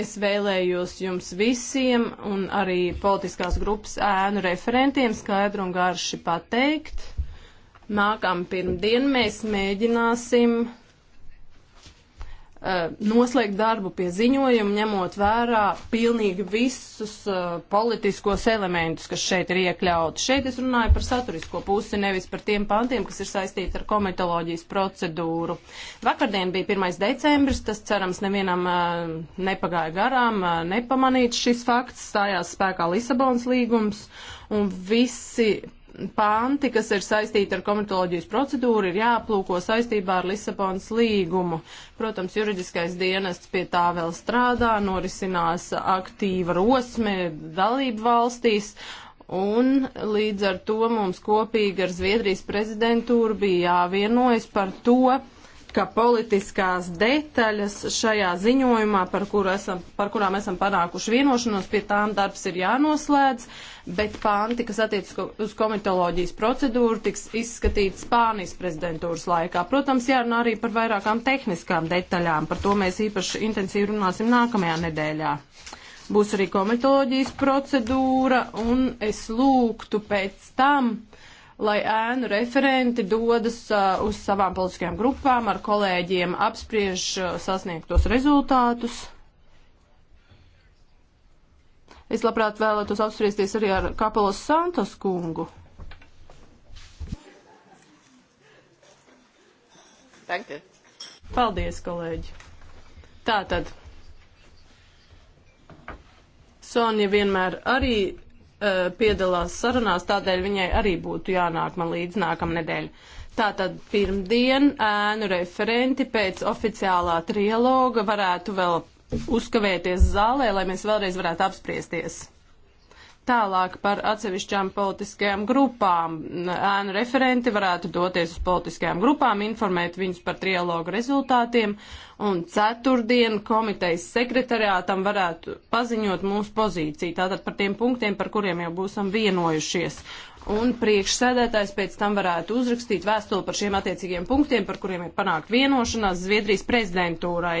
Es vēlējos jums visiem un arī politiskās grupas ēnu referentiem skaidru un garši pateikt. Nākamā pirmdien mēs mēģināsim Eh, noslēgt darbu pie ziņojuma, ņemot vērā pilnīgi visus uh, politiskos elementus, kas šeit ir iekļauti. Šeit es runāju par saturisko pusi, nevis par tiem pantiem, kas ir saistīti ar komitoloģijas procedūru. Vakardien bija 1. decembris, tas cerams nevienam uh, nepagāja garām, uh, nepamanīts šis fakts, stājās spēkā Lisabonas līgums, un visi panti, kas ir saistīti ar komitoloģijas procedūru, ir jāaplūko saistībā ar Lisabonas līgumu. Protams, juridiskais dienests pie tā vēl strādā, norisinās aktīva rosme dalību valstīs. Un līdz ar to mums kopīgi ar Zviedrijas prezidentūru bija jāvienojas par to, ka politiskās detaļas šajā ziņojumā, par, esam, par kurām esam panākuši vienošanos, pie tām darbs ir jānoslēdz. Uh, bet panti, kas attiecas uz komitoloģijas procedūru, tiks izskatīti Spānijas prezidentūras laikā. Protams, jārunā arī par vairākām tehniskām detaļām, par to mēs īpaši intensīvi runāsim nākamajā nedēļā. Būs arī komitoloģijas procedūra, un es lūgtu pēc tam lai ēnu referenti dodas uh, uz savām politiskajām grupām, ar kolēģiem apspriež uh, sasniegtos rezultātus. Es labprāt vēlētos apspriesties arī ar Kapelos Santos kungu. Danke. Paldies, kolēģi. Tātad. Sonja vienmēr arī uh, piedalās sarunās, tādēļ viņai arī būtu jānāk man līdz nākamnedēļ. Tātad pirmdien ēnu referenti pēc oficiālā trialoga varētu vēl uzkavēties zālē, lai mēs vēlreiz varētu apspriesties. Tālāk par atsevišķām politiskajām grupām. Ēnu referenti varētu doties uz politiskajām grupām, informēt viņus par trialogu rezultātiem, un ceturtdien komitejas sekretariātam varētu paziņot mūsu pozīciju, tātad par tiem punktiem, par kuriem jau būsim vienojušies. Un priekšsēdētājs pēc tam varētu uzrakstīt vēstuli par šiem attiecīgiem punktiem, par kuriem ir panākt vienošanās Zviedrijas prezidentūrai.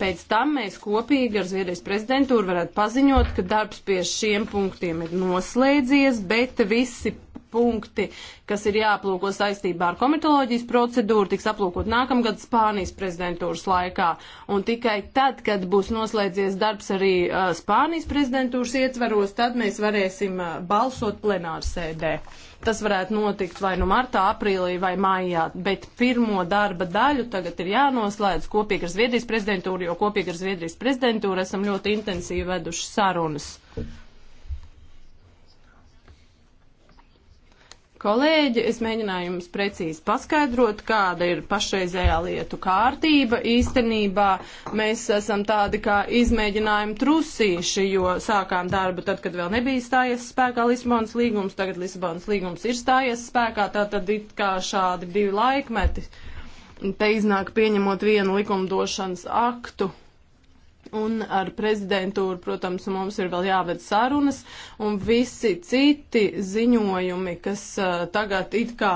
Pēc tam mēs kopīgi ar Zviedrijas prezidentūru varētu paziņot, ka darbs pie šiem punktiem ir noslēdzies, bet visi punkti, kas ir jāaplūko saistībā ar komitoloģijas procedūru, tiks aplūkot nākamgad Spānijas prezidentūras laikā. Un tikai tad, kad būs noslēdzies darbs arī Spānijas prezidentūras ietvaros, tad mēs varēsim balsot plenārsēdē. Ar Tas varētu notikt vai nu martā, aprīlī vai maijā, bet pirmo darba daļu tagad ir jānoslēdz kopīgi ar Zviedrijas prezidentūru, jo kopīgi ar Zviedrijas prezidentūru esam ļoti intensīvi veduši sarunas. kolēģi, es mēģināju jums precīzi paskaidrot, kāda ir pašreizējā lietu kārtība. Īstenībā mēs esam tādi kā izmēģinājumi trusīši, jo sākām darbu tad, kad vēl nebija stājies spēkā Lisabonas līgums, tagad Lisabonas līgums ir stājies spēkā, tā tad it kā šādi divi laikmeti. Te iznāk pieņemot vienu likumdošanas aktu. Un ar prezidentūru, protams, mums ir vēl jāved sarunas, un visi citi ziņojumi, kas uh, tagad it kā,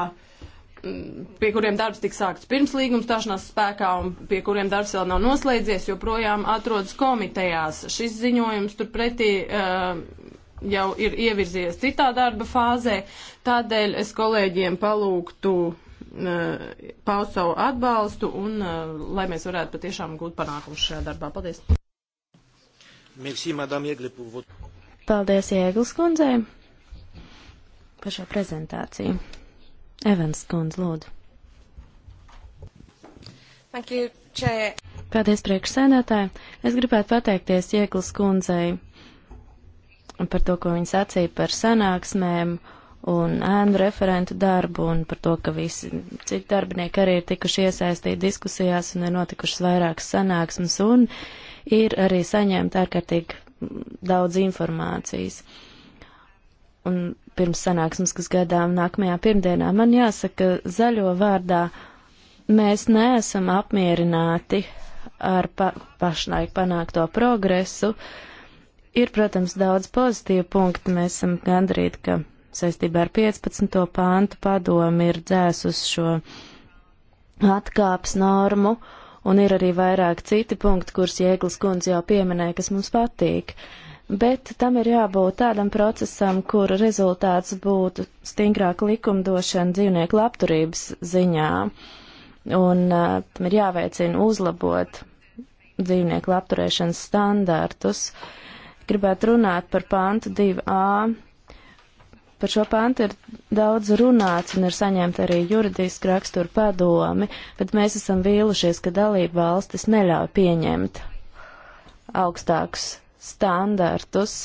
m, pie kuriem darbs tiks sākts pirms līguma stāšanās spēkā un pie kuriem darbs vēl nav noslēdzies, joprojām atrodas komitejās. Šis ziņojums turpretī uh, jau ir ievirzies citā darba fāzē, tādēļ es kolēģiem palūgtu paust savu atbalstu un lai mēs varētu patiešām gūt panākumus šajā darbā. Paldies! Merci, Madame Jēgle, par votre. Paldies Jēglas kundzei par šo prezentāciju. Evans kundze, lūdzu. Thank you, Chair. Paldies priekšsēdētāji. Es gribētu pateikties Jēglas kundzei par to, ko viņa sacīja par sanāksmēm un ēnu referentu darbu un par to, ka visi citi darbinieki arī ir tikuši iesaistīti diskusijās un ir notikušas vairākas sanāksmes un ir arī saņemta ārkārtīgi daudz informācijas. Un pirms sanāksmes, kas gadām nākamajā pirmdienā, man jāsaka zaļo vārdā, mēs neesam apmierināti ar pa pašlaik panākto progresu. Ir, protams, daudz pozitīvu punktu, mēs esam gandrīz, ka saistībā ar 15. pāntu padomi ir dzēsus šo atkāps normu. Uh, un ir arī vairāk citi punkti, kurus Jēglas kundze jau pieminēja, kas mums patīk. Bet tam ir jābūt tādam procesam, kur rezultāts būtu stingrāka likumdošana dzīvnieku labturības ziņā, un uh, ir jāveicina uzlabot dzīvnieku labturēšanas standartus. Gribētu runāt par pantu 2a Par šo pantu ir daudz runāts un ir saņemta arī juridiski rakstura padomi, bet mēs esam vīlušies, ka dalība valstis neļauj pieņemt augstākus standartus,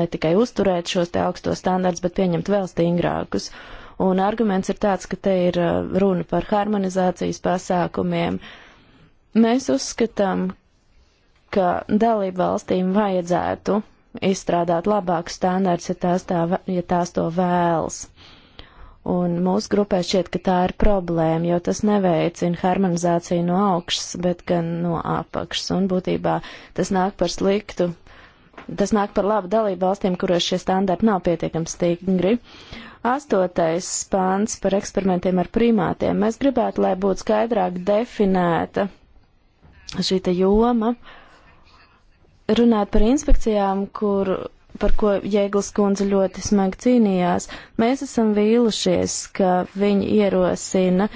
ne tikai uzturēt šos te augstos standartus, bet pieņemt vēl stingrākus. Un arguments ir tāds, ka te ir uh, runa par harmonizācijas pasākumiem. Mēs uzskatām, ka dalību valstīm vajadzētu izstrādāt labākus standārts, ja tās, tā, ja tās to vēlas. Un mūsu grupē šķiet, ka tā ir problēma, jo tas neveicina harmonizāciju no augšas, bet gan no apakšas. Un būtībā tas nāk par sliktu, tas nāk par labu dalību valstīm, kuros šie standarti nav pietiekami stingri. Astotais pāns par eksperimentiem ar primātiem. Mēs gribētu, lai būtu skaidrāk definēta šī joma. Uh, runāt par inspekcijām, kur, par ko Jēglas kundze ļoti smagi cīnījās, mēs esam vīlušies, ka viņi ierosina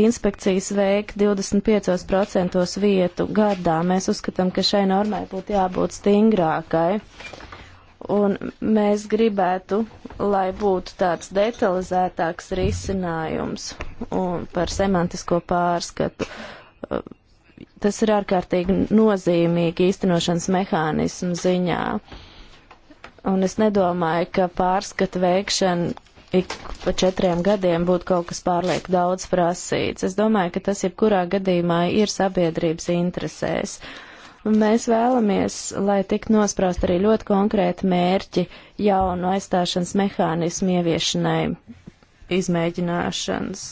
inspekcijas veikt 25% vietu gadā. Mēs uzskatām, ka šai normai būtu jābūt stingrākai. Un mēs gribētu, lai būtu tāds detalizētāks risinājums un par semantisko pārskatu tas ir ārkārtīgi nozīmīgi īstenošanas mehānismu ziņā. Un es nedomāju, ka pārskata veikšana ik pa četriem gadiem būtu kaut kas pārlieku daudz prasīts. Es domāju, ka tas jebkurā gadījumā ir sabiedrības interesēs. Mēs vēlamies, lai tik nospraust arī ļoti konkrēti mērķi jaunu aizstāšanas mehānismu ieviešanai izmēģināšanas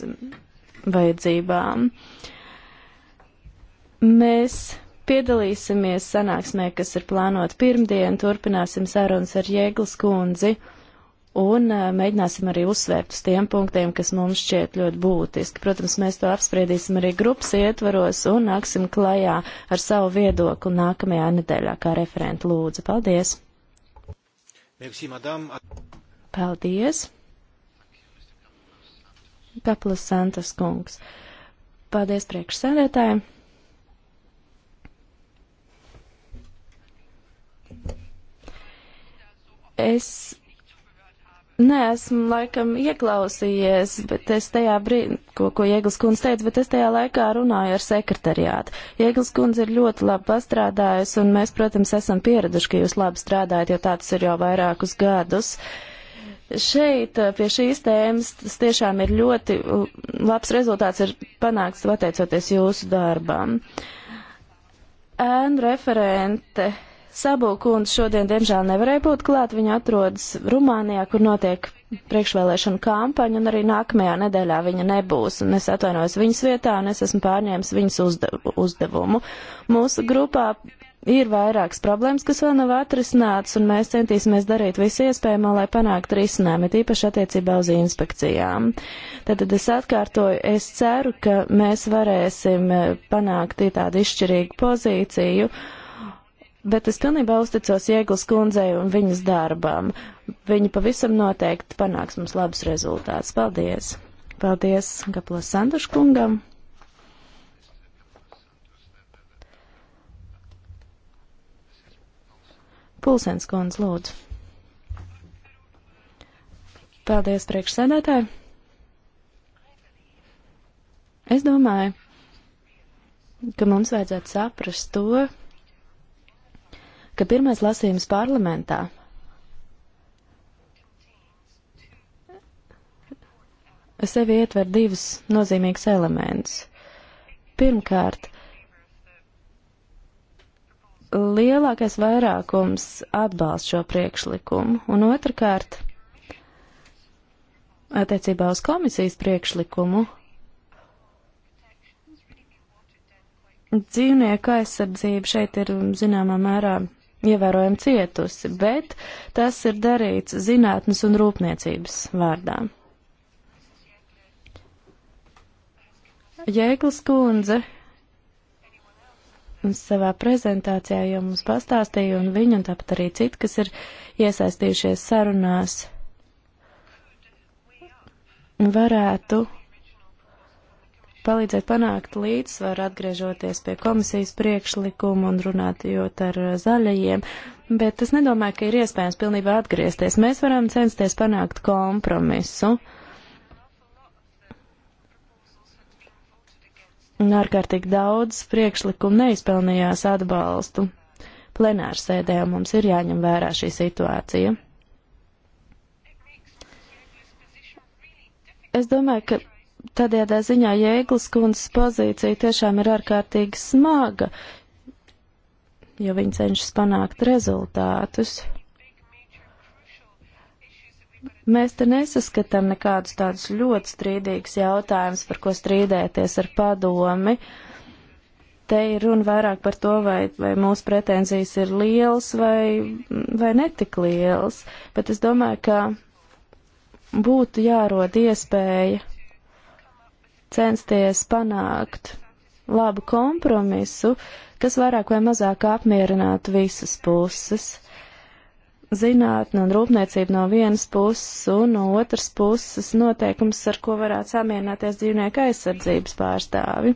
vajadzībām. Uh, Mēs piedalīsimies sanāksmē, kas ir plānota pirmdien, turpināsim sarunas ar Jēglas kundzi un eh, mēģināsim arī uzsvērt uz tiem punktiem, kas mums šķiet ļoti būtiski. Protams, mēs to apspriedīsim arī grupas ietvaros un nāksim klajā ar savu viedokli nākamajā nedēļā, kā referenta lūdzu. Paldies! Merci, madame. Paldies! Kaplas Santas kungs. Paldies priekšsēdētājiem! Es neesmu laikam ieklausījies, bet es tajā brīdī, ko, ko Jēglas kundze teica, bet es tajā laikā runāju ar sekretariātu. Jēglas kundze ir ļoti labi pastrādājusi, un mēs, protams, esam pieraduši, ka jūs labi strādājat, jo tāds ir jau vairākus gadus. Šeit pie šīs tēmas tas tiešām ir ļoti labs rezultāts ir panākts pateicoties jūsu darbam. Ēnu referente Sabūkundze šodien, diemžēl, nevarēja būt klāt. Viņa atrodas Rumānijā, kur notiek priekšvēlēšana kampaņa, un arī nākamajā nedēļā viņa nebūs. Un es atvainojos viņas vietā, un es esmu pārņēmis viņas uzdev uzdevumu. Mūsu grupā ir vairākas problēmas, kas vēl nav atrisinātas, un mēs centīsimies darīt visu iespējamo, lai panāktu risinājumu, tīpaši attiecībā uz inspekcijām. Tātad es atkārtoju, es ceru, ka mēs varēsim eh, panākt tādu izšķirīgu pozīciju bet es pilnībā uzticos Ieglas kundzei un viņas darbam. Viņa pavisam noteikti panāks mums labus rezultātus. Paldies! Paldies Gaplas Sanduš kungam! Pulsens kundz, lūdzu. Paldies priekšsēdētāji. Es domāju, ka mums vajadzētu saprast to, ka pirmais lasījums parlamentā sevi ietver divus nozīmīgus elementus. Pirmkārt, lielākais vairākums atbalsta šo priekšlikumu, un otrkārt, attiecībā uz komisijas priekšlikumu, dzīvnieku aizsardzība šeit ir zināmā mērā ievērojami cietusi, bet tas ir darīts zinātnes un rūpniecības vārdā. Jēglas kundze savā prezentācijā jau mums pastāstīja, un viņa un tāpat arī citi, kas ir iesaistījušies sarunās, varētu palīdzēt panākt līdzsvaru, atgriežoties pie komisijas priekšlikuma un runājot ar eh, zaļajiem, bet es nedomāju, ka ir iespējams pilnībā atgriezties. Mēs varam censties panākt kompromisu. Un ārkārtīgi daudz priekšlikumu neizpelnījās atbalstu. Plenārsēdē mums ir jāņem vērā šī situācija. Es domāju, ka tādējādā ziņā Jēglas kundzes pozīcija tiešām ir ārkārtīgi smaga, jo viņi cenšas panākt rezultātus. Mēs te nesaskatām nekādus tādus ļoti strīdīgus jautājumus, par ko strīdēties ar padomi. Te ir runa vairāk par to, vai, vai mūsu pretenzijas ir lielas vai, vai netik lielas, bet es domāju, ka būtu jārod iespēja censties panākt labu kompromisu, kas vairāk vai mazāk apmierinātu visas puses. Zinātne un rūpniecība no vienas puses, un no otras puses noteikums, ar ko varētu samierināties dzīvnieku aizsardzības pārstāvi.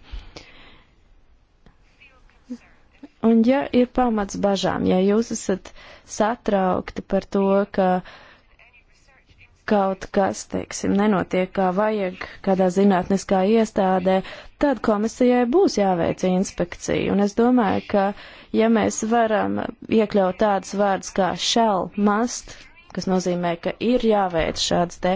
Un ja ir pamats bažām, ja jūs esat satraukti par to, ka uh, kaut kas, teiksim, nenotiek kā vajag kādā zinātniskā iestādē, tad komisijai būs jāveic inspekcija. Un es domāju, ka ja mēs varam iekļaut tādas vārdas kā shall, must, kas nozīmē, ka ir jāveic šādas te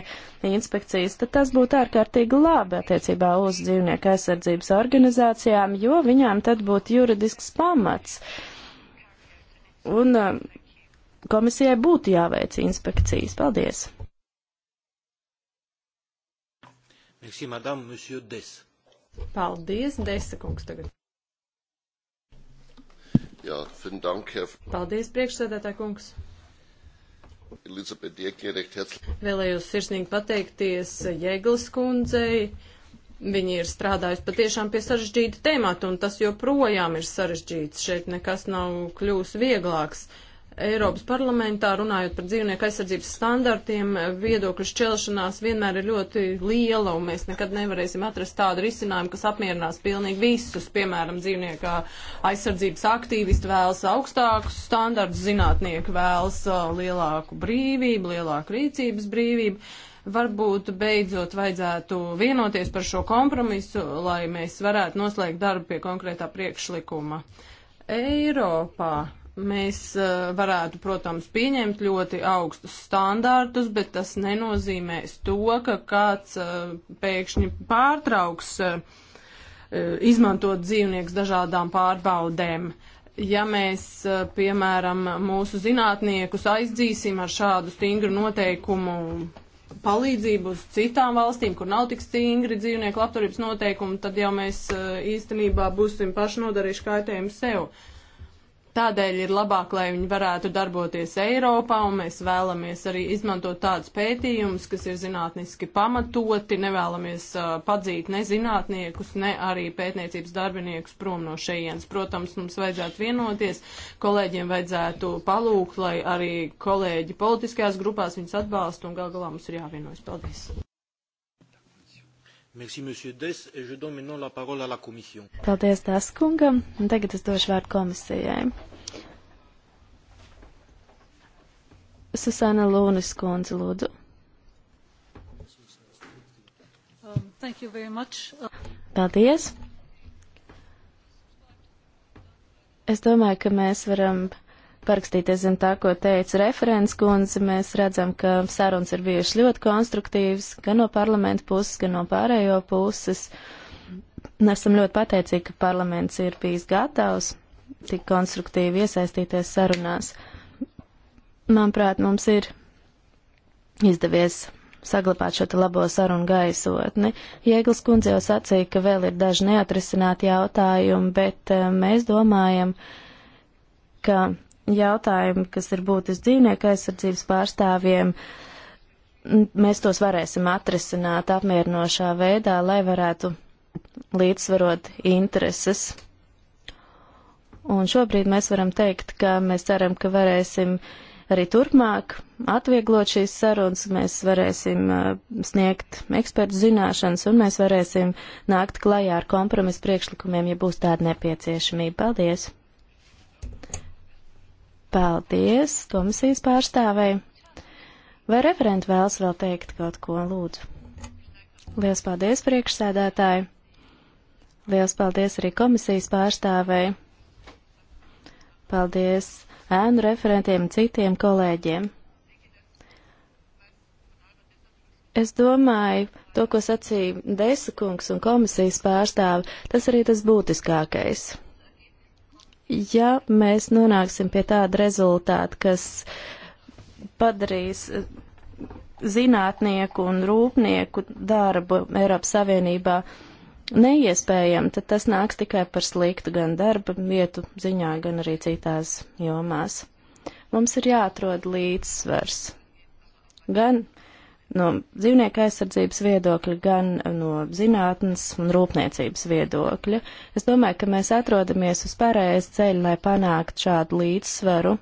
inspekcijas, tad tas būtu ārkārtīgi labi attiecībā uz dzīvnieku aizsardzības organizācijām, jo viņām tad būtu juridisks pamats. Un um, komisijai būtu jāveic inspekcijas. Paldies! Merci, madame, monsieur Des. Paldies, Desa kungs tagad. Jā, vielen dank, Herr. Paldies, priekšsēdētā kungs. Elizabete Jēkļieriekt, herzlich. Vēlējos sirsnīgi pateikties Jēglas kundzei. Viņi ir strādājusi patiešām pie sarežģīta temata, un tas joprojām ir sarežģīts. Šeit nekas nav kļūs vieglāks. Uh, Eiropas parlamentā, runājot par dzīvnieku aizsardzības standartiem, viedokļu šķelšanās vienmēr ir ļoti liela, un mēs nekad nevarēsim atrast tādu risinājumu, kas apmierinās pilnīgi visus. Piemēram, dzīvnieka aizsardzības aktīvisti vēlas augstākus standartus, zinātnieki vēlas lielāku brīvību, lielāku rīcības brīvību varbūt beidzot vajadzētu vienoties par šo kompromisu, lai mēs varētu noslēgt darbu pie konkrētā priekšlikuma. Eiropā Mēs eh, varētu, protams, pieņemt ļoti augstus standārtus, bet tas nenozīmēs to, ka kāds eh, pēkšņi pārtrauks eh, izmantot dzīvnieks dažādām pārbaudēm. Ja mēs, piemēram, mūsu zinātniekus aizdzīsim ar šādu stingru noteikumu palīdzību uz citām valstīm, kur nav tik stingri dzīvnieku labturības noteikumi, tad jau mēs īstenībā būsim paši nodarījuši kaitējumu sev. Uh, Tādēļ ir labāk, lai viņi varētu darboties Eiropā, un mēs vēlamies arī izmantot tādus pētījumus, kas ir zinātniski pamatoti, nevēlamies uh, padzīt ne zinātniekus, ne arī pētniecības darbiniekus prom no šejienes. Protams, mums vajadzētu vienoties, kolēģiem vajadzētu palūgt, lai arī kolēģi politiskajās grupās viņus atbalstu, un gal galā mums ir jāvienojas. Paldies! Merci, monsieur Des, et je donne maintenant la parole à la commission. Paldies, Des kungam, un tagad es došu vārdu komisijai. Susana Lūnis kundze, lūdzu. Um, thank you very much. Paldies. Es domāju, ka mēs varam uh, parakstīties zem tā, ko teica referents kundze. Mēs redzam, ka sarunas ir bijušas ļoti konstruktīvas, gan no parlamenta puses, gan no pārējo puses. Esam ļoti pateicīgi, ka parlaments ir bijis gatavs tik konstruktīvi iesaistīties sarunās. Manuprāt, mums ir izdevies saglabāt šo labo sarunu gaisotni. Jēglas kundze jau sacīja, ka vēl ir daži neatrisināti jautājumi, bet eh, mēs domājam, ka jautājumi, kas ir būtiski dzīvnieku aizsardzības pārstāvjiem, mēs tos varēsim atrisināt apmierinošā veidā, lai varētu līdzsvarot intereses. Un šobrīd mēs varam teikt, ka mēs ceram, ka varēsim arī turpmāk atvieglot šīs sarunas, mēs varēsim uh, sniegt ekspertu zināšanas un mēs varēsim nākt klajā ar kompromisu priekšlikumiem, ja būs tāda nepieciešamība. Paldies! Paldies, komisijas pārstāvei. Vai referenti vēlas vēl teikt kaut ko, lūdzu? Lielas paldies, priekšsēdētāji. Lielas paldies arī komisijas pārstāvei. Paldies ēnu referentiem un citiem kolēģiem. Es domāju, to, ko sacīja Desa kungs un komisijas pārstāve, tas arī tas būtiskākais ja mēs nonāksim pie tāda rezultāta, kas padarīs eh, zinātnieku un rūpnieku darbu Eiropas Savienībā neiespējami, tad tas nāks tikai par sliktu gan darba vietu ziņā, gan arī citās jomās. Mums ir jāatrod līdzsvars gan no dzīvnieka aizsardzības viedokļa, gan no zinātnes un rūpniecības viedokļa. Es domāju, ka mēs atrodamies uz pareiz ceļa, lai panāktu šādu līdzsvaru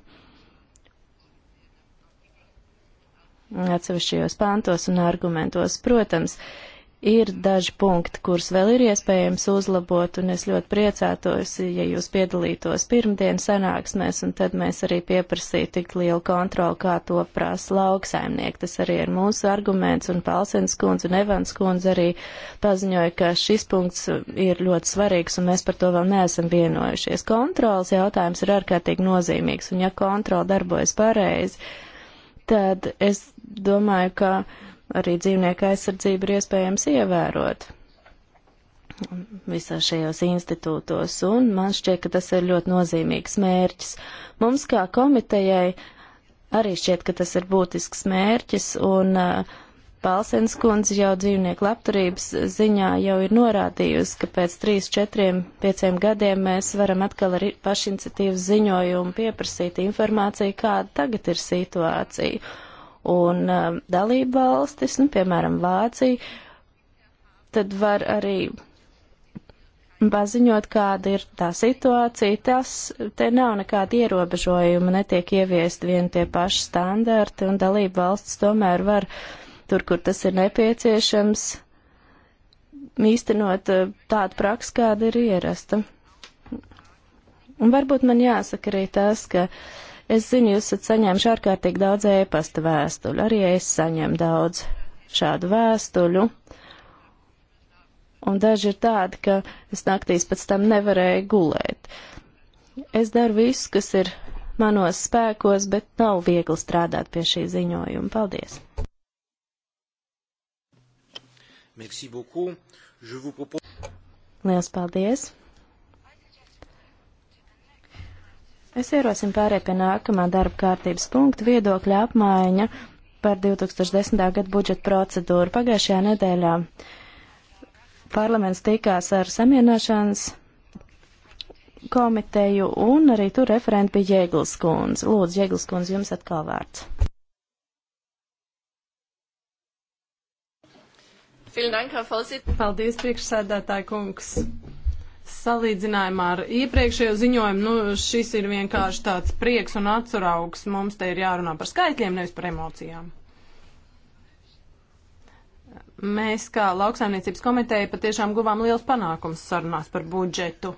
atsevišķajos pantos un argumentos. Protams, uh, ir daži punkti, kurus vēl ir iespējams uzlabot, un es ļoti priecātos, ja jūs piedalītos pirmdienas sanāksmēs, un tad mēs arī pieprasītu tik lielu kontroli, kā to prasa lauksaimnieki. Tas arī ir mūsu arguments, un Palsens kundze un Evans kundze arī paziņoja, ka šis punkts ir ļoti svarīgs, un mēs par to vēl neesam vienojušies. Kontrols jautājums ir ārkārtīgi nozīmīgs, un ja kontrola darbojas pareizi, tad es domāju, ka arī dzīvnieka aizsardzība ir iespējams ievērot visā šajos institūtos, un man šķiet, ka tas ir ļoti nozīmīgs mērķis. Mums kā komitejai arī šķiet, ka tas ir būtisks mērķis, un uh, Palsens kundze jau dzīvnieku labturības ziņā jau ir norādījusi, ka pēc 3, 4, 5 gadiem mēs varam atkal ar pašiniciatīvas ziņojumu pieprasīt informāciju, kāda tagad ir situācija un uh, dalība valstis, nu, piemēram, Vācija, tad var arī paziņot, kāda ir tā situācija. Tas, te nav nekāda ierobežojuma, netiek ieviest vien tie paši standarti, un dalība valsts tomēr var, tur, kur tas ir nepieciešams, īstenot uh, tādu praksu, kāda ir ierasta. Un varbūt man jāsaka arī tas, ka uh, Es zinu, jūs esat saņēmuši ārkārtīgi daudz ēpasta vēstuļu. Arī es saņemu daudz šādu vēstuļu. Un daži ir tādi, ka es naktīs pēc tam nevarēju gulēt. Es daru visu, kas ir manos spēkos, bet nav viegli strādāt pie šī ziņojuma. Paldies! Merci beaucoup. Je vous propose... Liels paldies! Es ierosinu pārēt pie nākamā darba kārtības punkta viedokļa apmaiņa par 2010. gadu budžeta procedūru. Pagājušajā nedēļā parlaments tikās ar samierināšanas komiteju un arī tur referenti bija Jēgls kundze. Lūdzu, Jēgls kundze, jums atkal vārds. Paldies, priekšsēdētāji kungs salīdzinājumā ar iepriekšējo ziņojumu, nu, šis ir vienkārši tāds prieks un atsuraugs. Mums te ir jārunā par skaitļiem, nevis par emocijām. Mēs, kā lauksaimniecības komiteja, patiešām guvām liels panākums sarunās par budžetu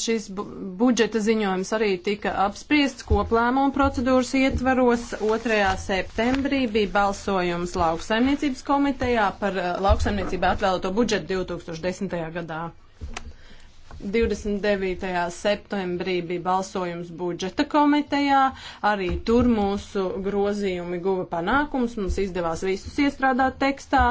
šis bu budžeta ziņojums arī tika apspriests koplēmuma procedūras ietvaros. 2. septembrī bija balsojums lauksaimniecības komitejā par eh, lauksaimniecībā atvēlēto budžetu 2010. gadā. 29. septembrī bija balsojums budžeta komitejā, arī tur mūsu grozījumi guva panākums, mums izdevās visus iestrādāt tekstā,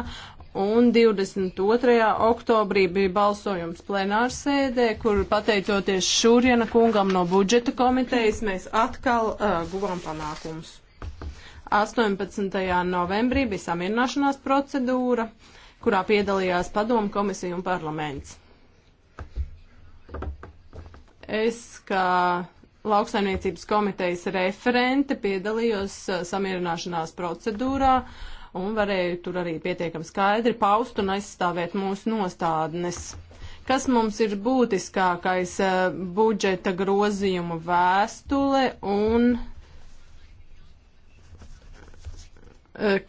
un 22. oktobrī bija balsojums plenārsēdē, kur pateicoties Šūriena kungam no budžeta komitejas mēs atkal uh, guvām panākumus. 18. novembrī bija samierināšanās procedūra, kurā piedalījās padomu komisija un parlaments. Es kā lauksaimniecības komitejas referente piedalījos uh, samierināšanās procedūrā. Uh, un varēju tur arī pietiekami skaidri paust un aizstāvēt mūsu nostādnes. Kas mums ir būtiskākais eh, budžeta grozījumu vēstule un eh,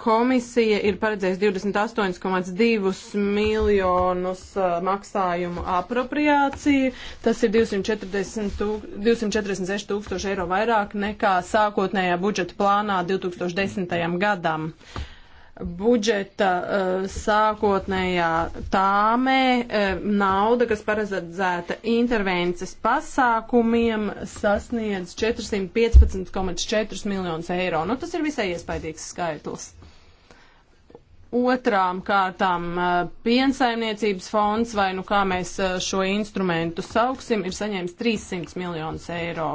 komisija ir paredzējusi 28,2 miljonus eh, maksājumu apropriāciju. Tas ir 240 tūk, 246 tūkstoši eiro vairāk nekā sākotnējā budžeta plānā 2010. gadam budžeta eh, sākotnējā tāmē eh, nauda, kas paredzēta intervences pasākumiem, sasniedz 415,4 miljonus eiro. Nu, tas ir visai iespaidīgs skaitlis. Otrām kārtām eh, piensaimniecības fonds, vai nu kā mēs šo instrumentu sauksim, ir saņēmis 300 miljonus eiro.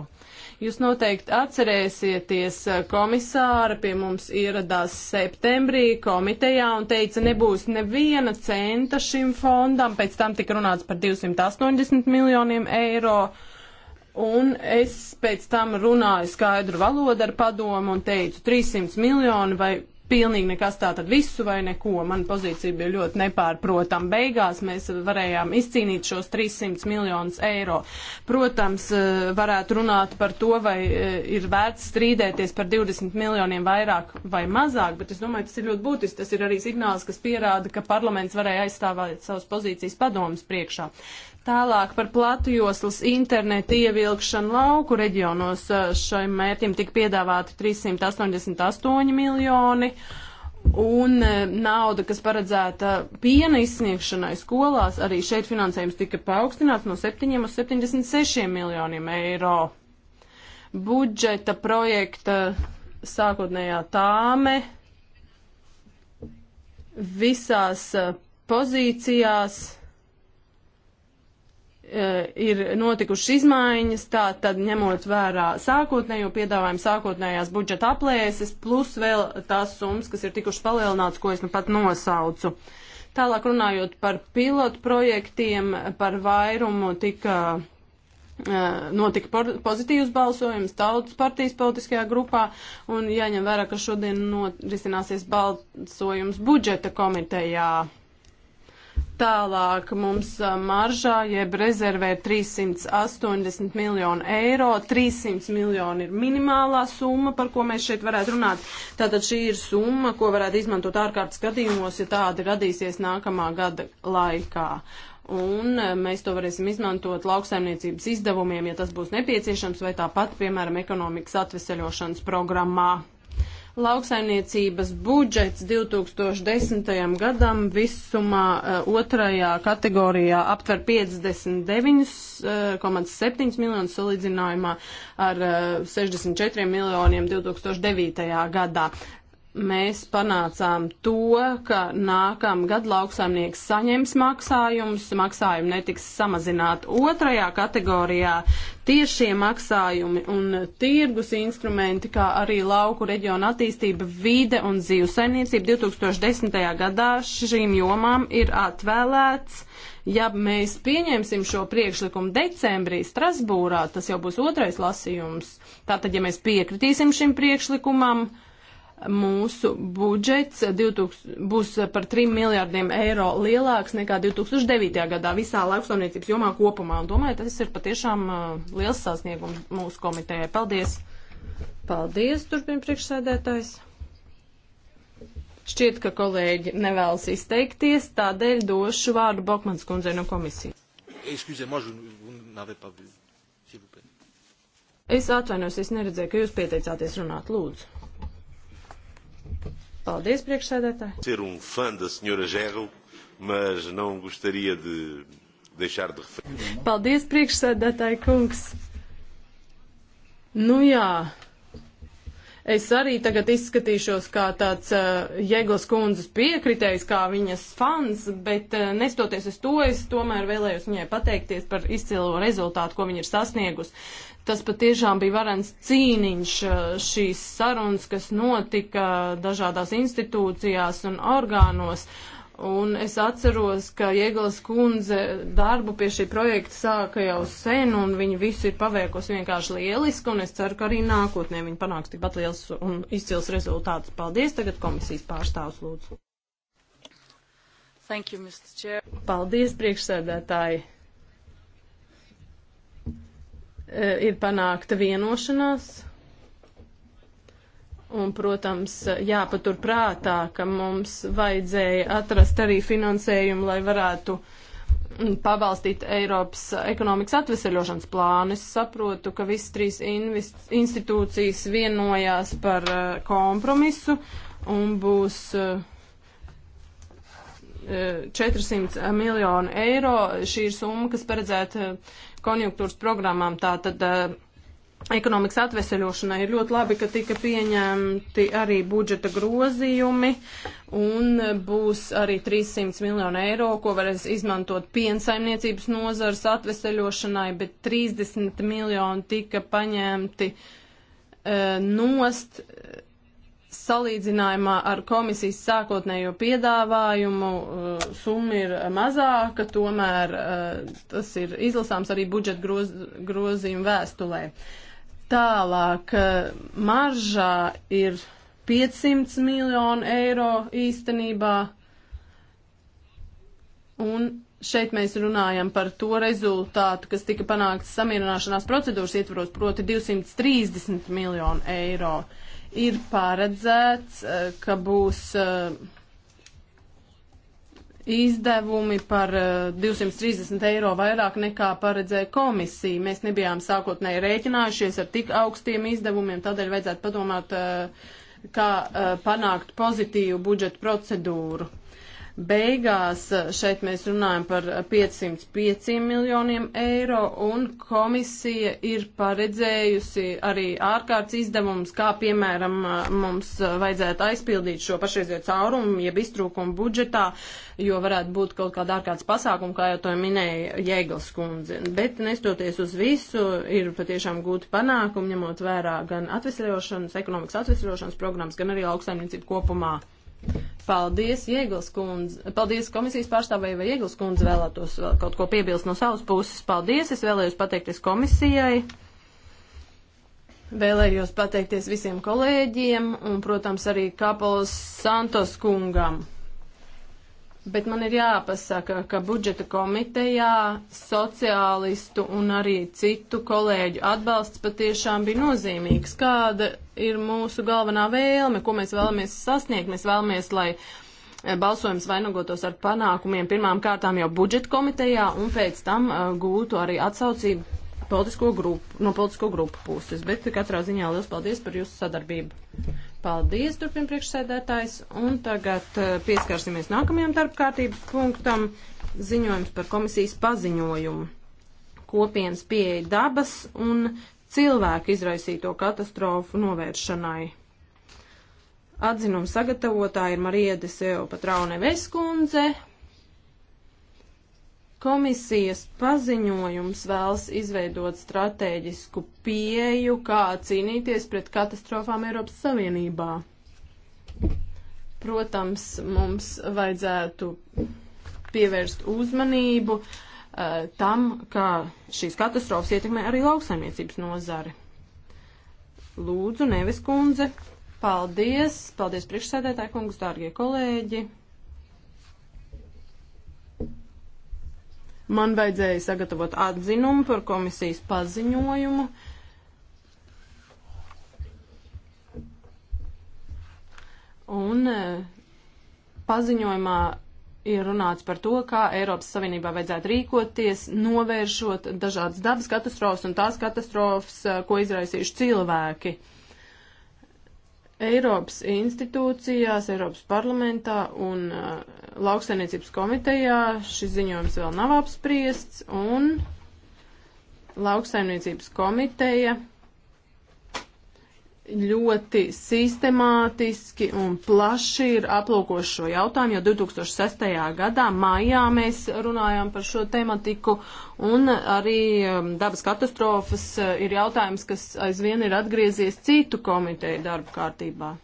Jūs noteikti atcerēsieties, eh, komisāra pie mums ieradās septembrī komitejā un teica, nebūs neviena centa šim fondam, pēc tam tika runāts par 280 miljoniem eiro. Un es pēc tam runāju skaidru valodu ar padomu un teicu 300 miljoni vai pilnīgi nekas tā tad visu vai neko. Man pozīcija bija ļoti nepārprotam. Beigās mēs varējām izcīnīt šos 300 miljonus eiro. Protams, eh, varētu runāt par to, vai eh, ir vērts strīdēties par 20 miljoniem vairāk vai mazāk, bet es domāju, tas ir ļoti būtiski. Tas ir arī signāls, kas pierāda, ka parlaments varēja aizstāvēt savas pozīcijas padomas priekšā. Tālāk par platujoslas internetu ievilkšanu lauku reģionos šim mērķim tika piedāvāti 388 miljoni. Un nauda, kas paredzēta piena izsniegšanai skolās, arī šeit finansējums tika paaugstināts no 7 uz 76 miljoniem eiro. Budžeta projekta sākotnējā tāme visās pozīcijās Eh, ir notikušas izmaiņas, tā tad ņemot vērā sākotnējo piedāvājumu, sākotnējās budžeta aplēses, plus vēl tās summas, kas ir tikušas palielināts, ko es nu pat nosaucu. Tālāk runājot par pilotu projektiem, par vairumu tika eh, notika pozitīvs balsojums tautas partijas politiskajā grupā, un jāņem vērā, ka šodien norisināsies balsojums budžeta komitejā. Tālāk mums maržā jeb rezervē 380 miljonu eiro, 300 miljoni ir minimālā summa, par ko mēs šeit varētu runāt. Tātad šī ir summa, ko varētu izmantot ārkārtas gadījumos, ja tādi radīsies nākamā gada laikā. Un mēs to varēsim izmantot lauksaimniecības izdevumiem, ja tas būs nepieciešams, vai tāpat, piemēram, ekonomikas atveseļošanas programmā. Lauksaimniecības budžets 2010. gadam visumā eh, otrajā kategorijā aptver 59,7 eh, miljonus salīdzinājumā ar 64 eh, miljoniem 2009. gadā mēs panācām to, ka nākamgad lauksaimnieks saņems maksājumus, maksājumi netiks samazināti otrajā kategorijā, tiešie maksājumi un tirgus instrumenti, kā arī lauku reģiona attīstība, vide un dzīvesaimniecība 2010. gadā šīm jomām ir atvēlēts. Ja mēs pieņemsim šo priekšlikumu decembrī Strasbūrā, tas jau būs otrais lasījums. Tātad, ja mēs piekritīsim šim priekšlikumam, uh, mūsu budžets 2000, būs par 3 miljārdiem eiro lielāks nekā 2009. gadā visā lauksaimniecības jomā kopumā. Un domāju, tas ir patiešām uh, liels sasniegums mūsu komitejai. Paldies! Paldies, turpina priekšsēdētājs. Šķiet, ka kolēģi nevēlas izteikties, tādēļ došu vārdu Bokmans kundzei no komisijas. Es atvainojos, es neredzēju, ka jūs pieteicāties runāt. Lūdzu. Paldies, priekšsēdētāji. Um mas não gostaria de deixar de referir. Paldies, priekšsēdētāji kungs. Nu jā, Es arī tagad izskatīšos kā tāds uh, eh, Jēglas kundzes piekritējs, kā viņas fans, bet uh, nestoties uz to, es tomēr vēlējos viņai pateikties par izcilo rezultātu, ko viņa ir sasniegusi. Tas patiešām bija varens cīniņš eh, šīs sarunas, kas notika dažādās institūcijās un orgānos. Uh, Un es atceros, ka Ieglas kundze darbu pie šī projekta sāka jau sen, un viņa visu ir paveikusi vienkārši lieliski, un es ceru, ka arī nākotnē viņa panāks tikpat liels un izcils rezultāts. Paldies, tagad komisijas pārstāvs lūdzu. Thank you, Mr. Chair. Paldies, priekšsēdētāji. E, ir panākta vienošanās Un, protams, jāpatur prātā, ka mums vajadzēja atrast arī finansējumu, lai varētu mm, pabalstīt Eiropas ekonomikas atveseļošanas plānu. Es saprotu, ka visas trīs institūcijas vienojās par eh, kompromisu un būs 400 eh, eh, miljonu eiro. Šī ir summa, kas paredzēta konjunktūras programmām. Tātad ekonomikas atveseļošanai. Ir ļoti labi, ka tika pieņemti arī budžeta grozījumi un būs arī 300 miljonu eiro, ko varēs izmantot piensaimniecības nozars atveseļošanai, bet 30 miljoni tika paņemti uh, nost salīdzinājumā ar komisijas sākotnējo piedāvājumu e, summa ir mazāka, tomēr e, tas ir izlasāms arī budžeta groz, grozījuma vēstulē. Uh, Tālāk eh, maržā ir 500 miljonu eiro īstenībā. Un šeit mēs runājam par to rezultātu, kas tika panākts samierināšanās procedūras ietvaros, proti 230 miljonu eiro. Ir paredzēts, eh, ka būs eh, izdevumi par 230 eh, eiro vairāk nekā paredzēja komisija. Mēs nebijām sākotnēji rēķinājušies ar tik augstiem izdevumiem, tādēļ vajadzētu padomāt, eh, kā eh, panākt pozitīvu budžetu procedūru. Beigās eh, šeit mēs runājam par 505 eh, miljoniem eiro, un komisija ir paredzējusi arī ārkārtas izdevumus, kā piemēram eh, mums vajadzētu aizpildīt šo pašreizējo caurumu, jeb iztrūkumu budžetā, jo varētu būt kaut kāda ārkārtas pasākuma, kā jau to minēja Jēgls kundze. Bet nestoties uz visu, ir patiešām gūti panākumi, ņemot vērā gan atvesļošanas, ekonomikas atvesļošanas programmas, gan arī lauksaimniecību kopumā. Paldies, Jēgls kundze. Paldies komisijas pārstāvēju vai Jēgls kundze vēlētos vēl kaut ko piebilst no savas puses. Paldies, es vēlējos pateikties komisijai. Vēlējos pateikties visiem kolēģiem un, protams, arī Kapolas Santos kungam. Bet man ir jāpasaka, ka budžeta komitejā sociālistu un arī citu kolēģu atbalsts patiešām bija nozīmīgs. Kāda ir mūsu galvenā vēlme, ko mēs vēlamies sasniegt? Mēs vēlamies, lai e, balsojums vainagotos ar panākumiem pirmām kārtām jau budžeta komitejā un pēc tam uh, gūtu arī atsaucību politisko grupu, no politisko grupu puses. Bet katrā ziņā liels paldies par jūsu sadarbību. Paldies, turpina priekšsēdētājs. Un tagad eh, pieskarsimies nākamajam darbkārtības punktam - ziņojums par komisijas paziņojumu. Kopienas pieeja dabas un cilvēku izraisīto katastrofu novēršanai. Atzinums sagatavotāja ir Marija Deseo Patraune Veskundze, Komisijas paziņojums vēlas izveidot stratēģisku pieju, kā cīnīties pret katastrofām Eiropas Savienībā. Protams, mums vajadzētu pievērst uzmanību uh, tam, kā šīs katastrofas ietekmē arī lauksaimniecības nozari. Lūdzu, Nevis kundze, paldies, paldies priekšsēdētāji kungus, dārgie kolēģi. Man vajadzēja sagatavot atzinumu par komisijas paziņojumu. Un e, paziņojumā ir runāts par to, kā Eiropas Savienībā vajadzētu rīkoties, novēršot dažādas dabas katastrofas un tās katastrofas, e, ko izraisījuši cilvēki. Uh, Eiropas institūcijās, Eiropas parlamentā un uh, lauksainiecības komitejā šis ziņojums vēl nav apspriests un lauksainiecības komiteja ļoti sistemātiski un plaši ir aplūkoši šo jautājumu, jo 2006. gadā maijā mēs runājām par šo tematiku un arī um, dabas katastrofas uh, ir jautājums, kas aizvien ir atgriezies citu komiteju darba kārtībā.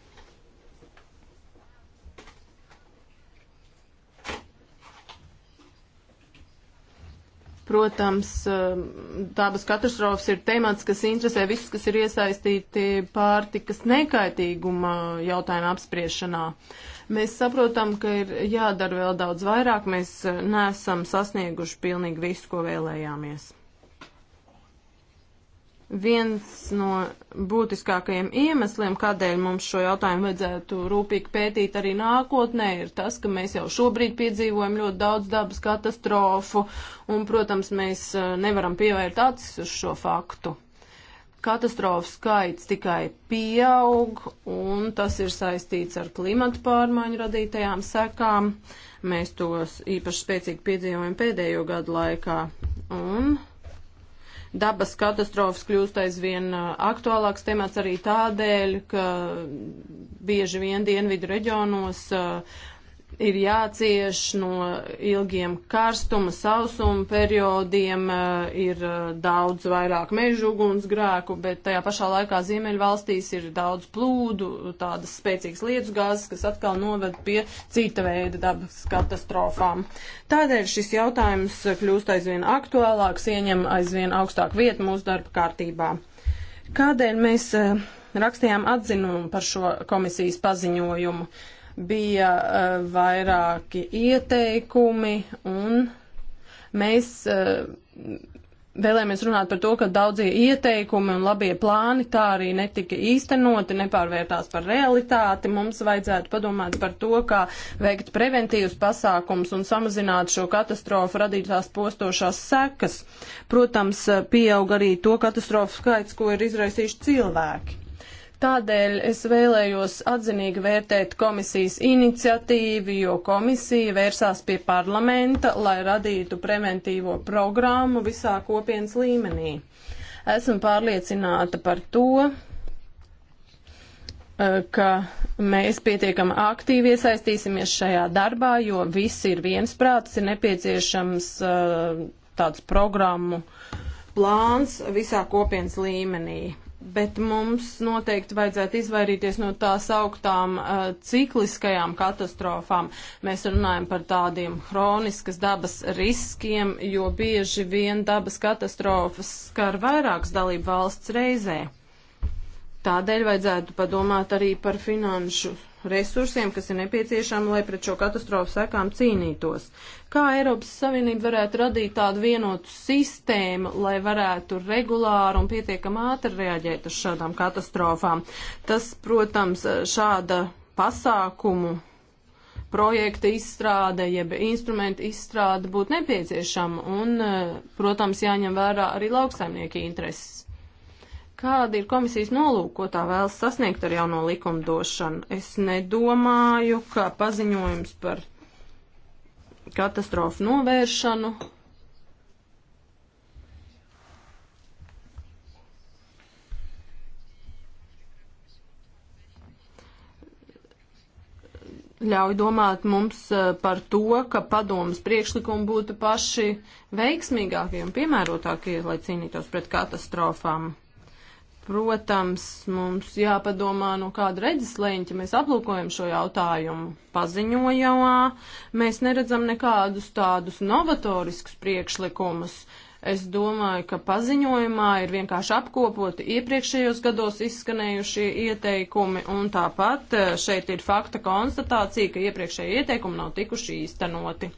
Protams, um, dabas katastrofas ir temats, kas interesē visus, kas ir iesaistīti pārtikas nekaitīguma jautājuma apspriešanā. Mēs saprotam, ka ir jādara vēl daudz vairāk, mēs uh, nesam sasnieguši pilnīgi visu, ko vēlējāmies. Viens no būtiskākajiem iemesliem, kādēļ mums šo jautājumu vajadzētu rūpīgi pētīt arī nākotnē, ir tas, ka mēs jau šobrīd piedzīvojam ļoti daudz dabas katastrofu, un, protams, mēs eh, nevaram pievērt acis uz šo faktu katastrofu skaits tikai pieaug, un tas ir saistīts ar klimatu pārmaiņu radītajām sekām. Mēs tos īpaši spēcīgi piedzīvojam pēdējo gadu laikā. Un Dabas katastrofas kļūst aizvien uh, aktuālāks temats arī tādēļ, ka bieži vien dienvidu reģionos uh, ir jācieš no ilgiem karstuma, sausuma periodiem, eh, ir eh, daudz vairāk mežu ugunsgrēku, bet tajā pašā laikā Ziemeļvalstīs ir daudz plūdu, tādas spēcīgas lietus gāzes, kas atkal noved pie cita veida dabas katastrofām. Tādēļ šis jautājums kļūst aizvien aktuālāks, ieņem aizvien augstāku vietu mūsu darba kārtībā. Kādēļ mēs eh, rakstījām atzinumu par šo komisijas paziņojumu? Uh, bija uh, vairāki ieteikumi un mēs uh, eh, vēlēmies runāt par to, ka daudzie ieteikumi un labie plāni tā arī netika īstenoti, nepārvērtās par realitāti. Mums vajadzētu padomāt par to, kā veikt preventīvus pasākums un samazināt šo katastrofu radītās postošās sekas. Protams, eh, pieaug arī to katastrofu skaits, ko ir izraisījuši cilvēki. Tādēļ es vēlējos atzinīgi vērtēt komisijas iniciatīvu, jo komisija vērsās pie parlamenta, lai radītu preventīvo programmu visā kopienas līmenī. Esmu pārliecināta par to, eh, ka mēs pietiekami aktīvi iesaistīsimies šajā darbā, jo visi ir viensprāts, ir nepieciešams eh, tāds programmu plāns visā kopienas līmenī. Bet mums noteikti vajadzētu izvairīties no tās augtām uh, cikliskajām katastrofām. Mēs runājam par tādiem hroniskas dabas riskiem, jo bieži vien dabas katastrofas skar vairākas dalību valsts reizē. Tādēļ vajadzētu padomāt arī par finanšu resursiem, kas ir nepieciešami, lai pret šo katastrofu sekām cīnītos. Kā Eiropas Savienība varētu radīt tādu vienotu sistēmu, lai varētu regulāri un pietiekam ātri reaģēt uz šādām katastrofām? Tas, protams, šāda pasākumu projekta izstrāde, jeb instrumenta izstrāde būtu nepieciešama un, protams, jāņem vērā arī lauksaimnieki intereses. Kāda ir komisijas nolūka, ko tā vēlas sasniegt ar jauno likumdošanu? Es nedomāju, ka paziņojums par katastrofu novēršanu ļauj domāt mums e, par to, ka padomas priekšlikumi būtu paši veiksmīgākie un piemērotākie, lai cīnītos pret katastrofām. Protams, mums jāpadomā, no kāda redzeslēņa mēs aplūkojam šo jautājumu paziņojumā. Mēs neredzam nekādus tādus novatoriskus priekšlikumus. Es domāju, ka paziņojumā ir vienkārši apkopoti iepriekšējos gados izskanējušie ieteikumi, un tāpat eh, šeit ir fakta konstatācija, ka iepriekšējie ieteikumi nav tikuši īstenoti.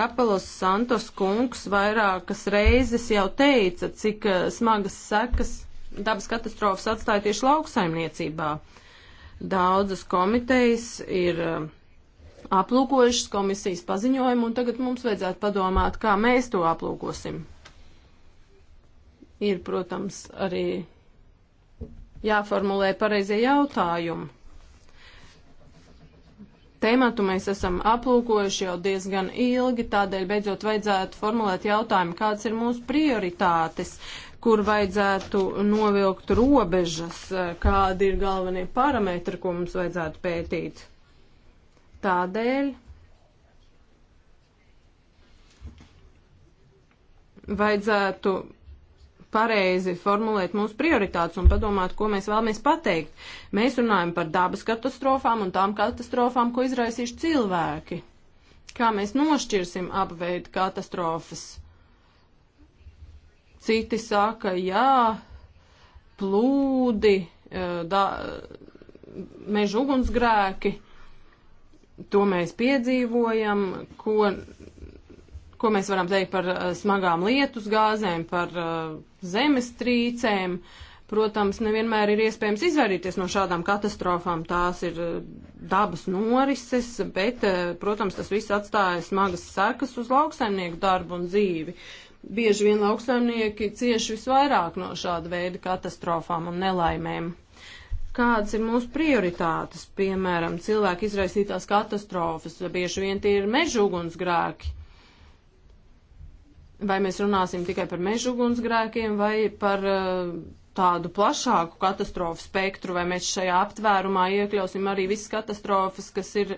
Kapelos Santos kungs vairākas reizes jau teica, cik eh, smagas sekas dabas katastrofas atstāja tieši lauksaimniecībā. Daudzas komitejas ir um, aplūkojušas komisijas paziņojumu, un tagad mums vajadzētu padomāt, kā mēs to aplūkosim. Ir, protams, arī jāformulē pareizie jautājumi. Tēmatu mēs esam aplūkojuši jau diezgan ilgi, tādēļ beidzot vajadzētu formulēt jautājumu, kāds ir mūsu prioritātes. Uh, kur vajadzētu novilkt robežas, eh, kādi ir galvenie parametri, ko mums vajadzētu pētīt. Tādēļ vajadzētu pareizi formulēt mūsu prioritātes un padomāt, ko mēs vēlamies pateikt. Mēs runājam par dabas katastrofām un tām katastrofām, ko izraisīšu cilvēki. Kā mēs nošķirsim apveidu katastrofas? Citi saka, jā, plūdi, eh, da, meža ugunsgrēki, to mēs piedzīvojam, ko, ko mēs varam teikt par eh, smagām lietus gāzēm, par eh, zemestrīcēm. Protams, nevienmēr ir iespējams izvairīties no šādām katastrofām, tās ir dabas norises, bet, protams, tas viss atstāja smagas sekas uz lauksaimnieku darbu un dzīvi. Uh, bieži vien lauksaimnieki cieši visvairāk no šāda veida katastrofām un nelaimēm. Kādas ir mūsu prioritātes? Piemēram, cilvēku izraisītās katastrofas, bieži vien tie ir mežugunsgrēki. Vai mēs runāsim tikai par mežugunsgrēkiem vai par uh, tādu plašāku katastrofu spektru, vai mēs šajā aptvērumā iekļausim arī visas katastrofas, kas ir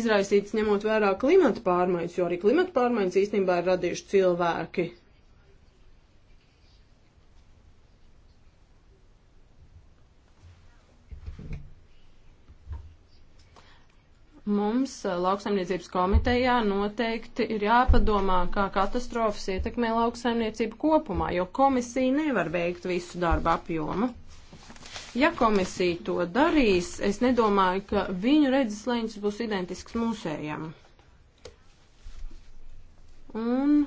izraisītas ņemot vērā klimata pārmaiņas, jo arī klimata pārmaiņas īstenībā ir radījuši cilvēki. Mums eh, lauksaimniecības komitejā noteikti ir jāpadomā, kā katastrofas ietekmē lauksaimniecību kopumā, jo komisija nevar veikt visu darbu apjomu. Ja komisija to darīs, es nedomāju, ka viņu redzeslēņas būs identisks mūsējam. Un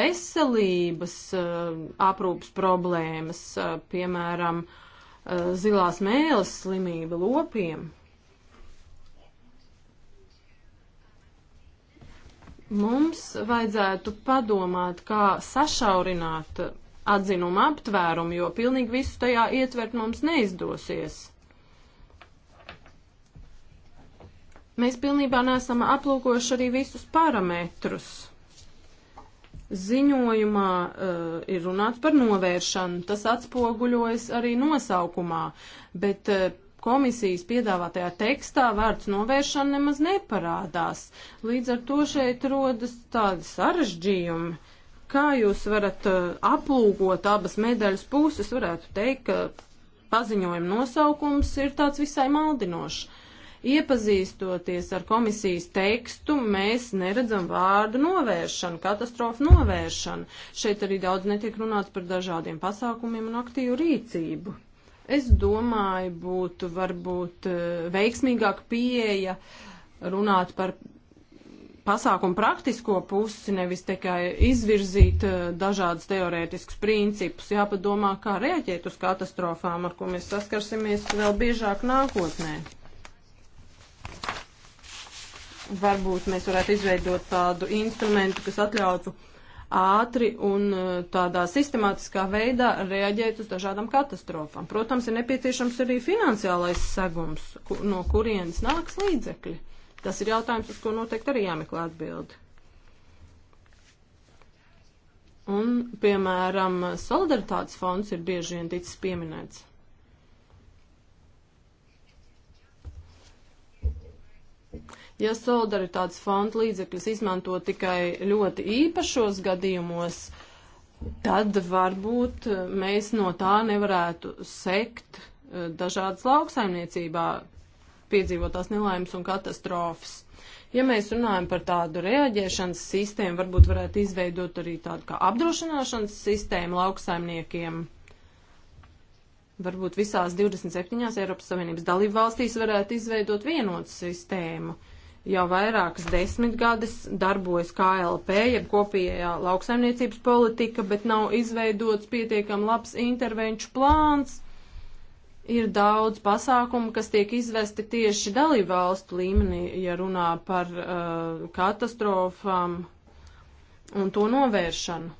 veselības uh, aprūpas problēmas, uh, piemēram, uh, zilās mēles slimība lopiem – Mums vajadzētu padomāt, kā sašaurināt atzinumu aptvērumu, jo pilnīgi visu tajā ietvert mums neizdosies. Mēs pilnībā neesam aplūkojuši arī visus parametrus. Ziņojumā uh, ir runāts par novēršanu, tas atspoguļojas arī nosaukumā, bet uh, komisijas piedāvātajā tekstā vārds novēršana nemaz neparādās. Līdz ar to šeit rodas tādi sarežģījumi. Kā jūs varat uh, aplūkot abas medaļas puses, varētu teikt, ka paziņojuma nosaukums ir tāds visai maldinošs. Iepazīstoties ar komisijas tekstu, mēs neredzam vārdu novēršanu, katastrofu novēršanu. Šeit arī daudz netiek runāts par dažādiem pasākumiem un aktīvu rīcību. Es domāju, būtu varbūt e, veiksmīgāk pieeja runāt par pasākumu praktisko pusi, nevis tikai izvirzīt e, dažādas teorētiskus principus. Jāpadomā, kā rēķēt uz katastrofām, ar ko mēs saskarsimies vēl biežāk nākotnē. Varbūt mēs varētu izveidot tādu instrumentu, kas atļautu uh, ātri un eh, tādā sistemātiskā veidā reaģēt uz dažādām katastrofām. Protams, ir nepieciešams arī finansiālais segums, kur, no kurienes nāks līdzekļi. Tas ir jautājums, uz ko noteikti arī jāmeklē atbildi. Un, piemēram, solidaritātes fonds ir bieži vien ticis pieminēts. Ja solidaritātes fonda līdzekļus izmanto tikai ļoti īpašos gadījumos, tad varbūt eh, mēs no tā nevarētu sekt eh, dažādas lauksaimniecībā piedzīvotās nelaimes un katastrofas. Ja mēs runājam par tādu reaģēšanas sistēmu, varbūt varētu izveidot arī tādu kā apdrošināšanas sistēmu lauksaimniekiem. Varbūt visās 27. Eiropas Savienības dalību valstīs varētu izveidot vienotu sistēmu. Uh, jau vairākas desmitgades darbojas KLP, jeb kopējā lauksaimniecības politika, bet nav izveidots pietiekam labs intervenču plāns. Ir daudz pasākumu, kas tiek izvesti tieši dalību valstu līmenī, ja runā par uh, katastrofām un to novēršanu.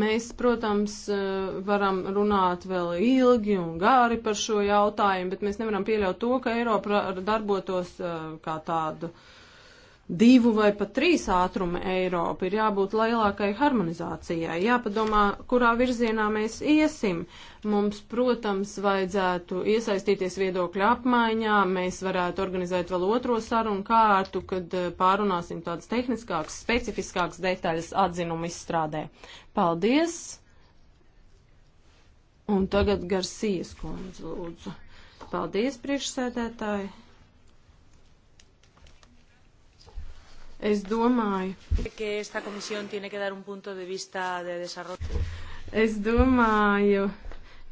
Mēs, protams, eh, varam runāt vēl ilgi un gāri par šo jautājumu, bet mēs nevaram pieļaut to, ka Eiropa darbotos eh, kā tāda uh, divu vai pat trīs ātrumi Eiropa, ir jābūt lielākai harmonizācijai, jāpadomā, kurā virzienā mēs iesim. Mums, protams, vajadzētu iesaistīties viedokļu apmaiņā, mēs varētu organizēt vēl otro sarunu kārtu, kad eh, pārunāsim tādas tehniskākas, specifiskākas detaļas atzinumu izstrādē. Paldies! Un tagad Garcijas kundze lūdzu. Paldies, priekšsēdētāji! Es domāju, es domāju,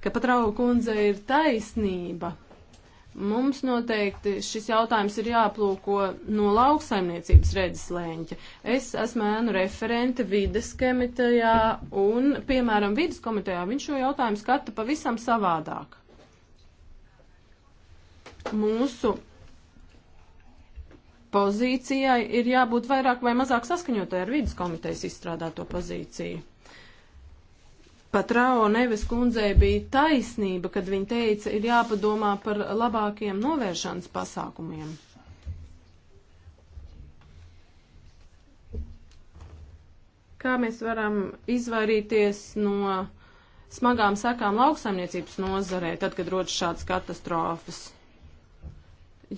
ka Patrauga kundze ir taisnība. Mums noteikti šis jautājums ir jāplūko no lauksaimniecības redzeslēņķa. Es esmu ēnu referente vides komitejā un, piemēram, vides komitejā viņš šo jautājumu skata pavisam savādāk. Mūsu pozīcijai ir jābūt vairāk vai mazāk saskaņotai ar vidas komitejas izstrādāto pozīciju. Pat Rao Neves kundzei bija taisnība, kad viņa teica, ir jāpadomā par labākiem novēršanas pasākumiem. Kā mēs varam izvairīties no smagām sekām lauksaimniecības nozarē, tad, kad rodas šādas katastrofas?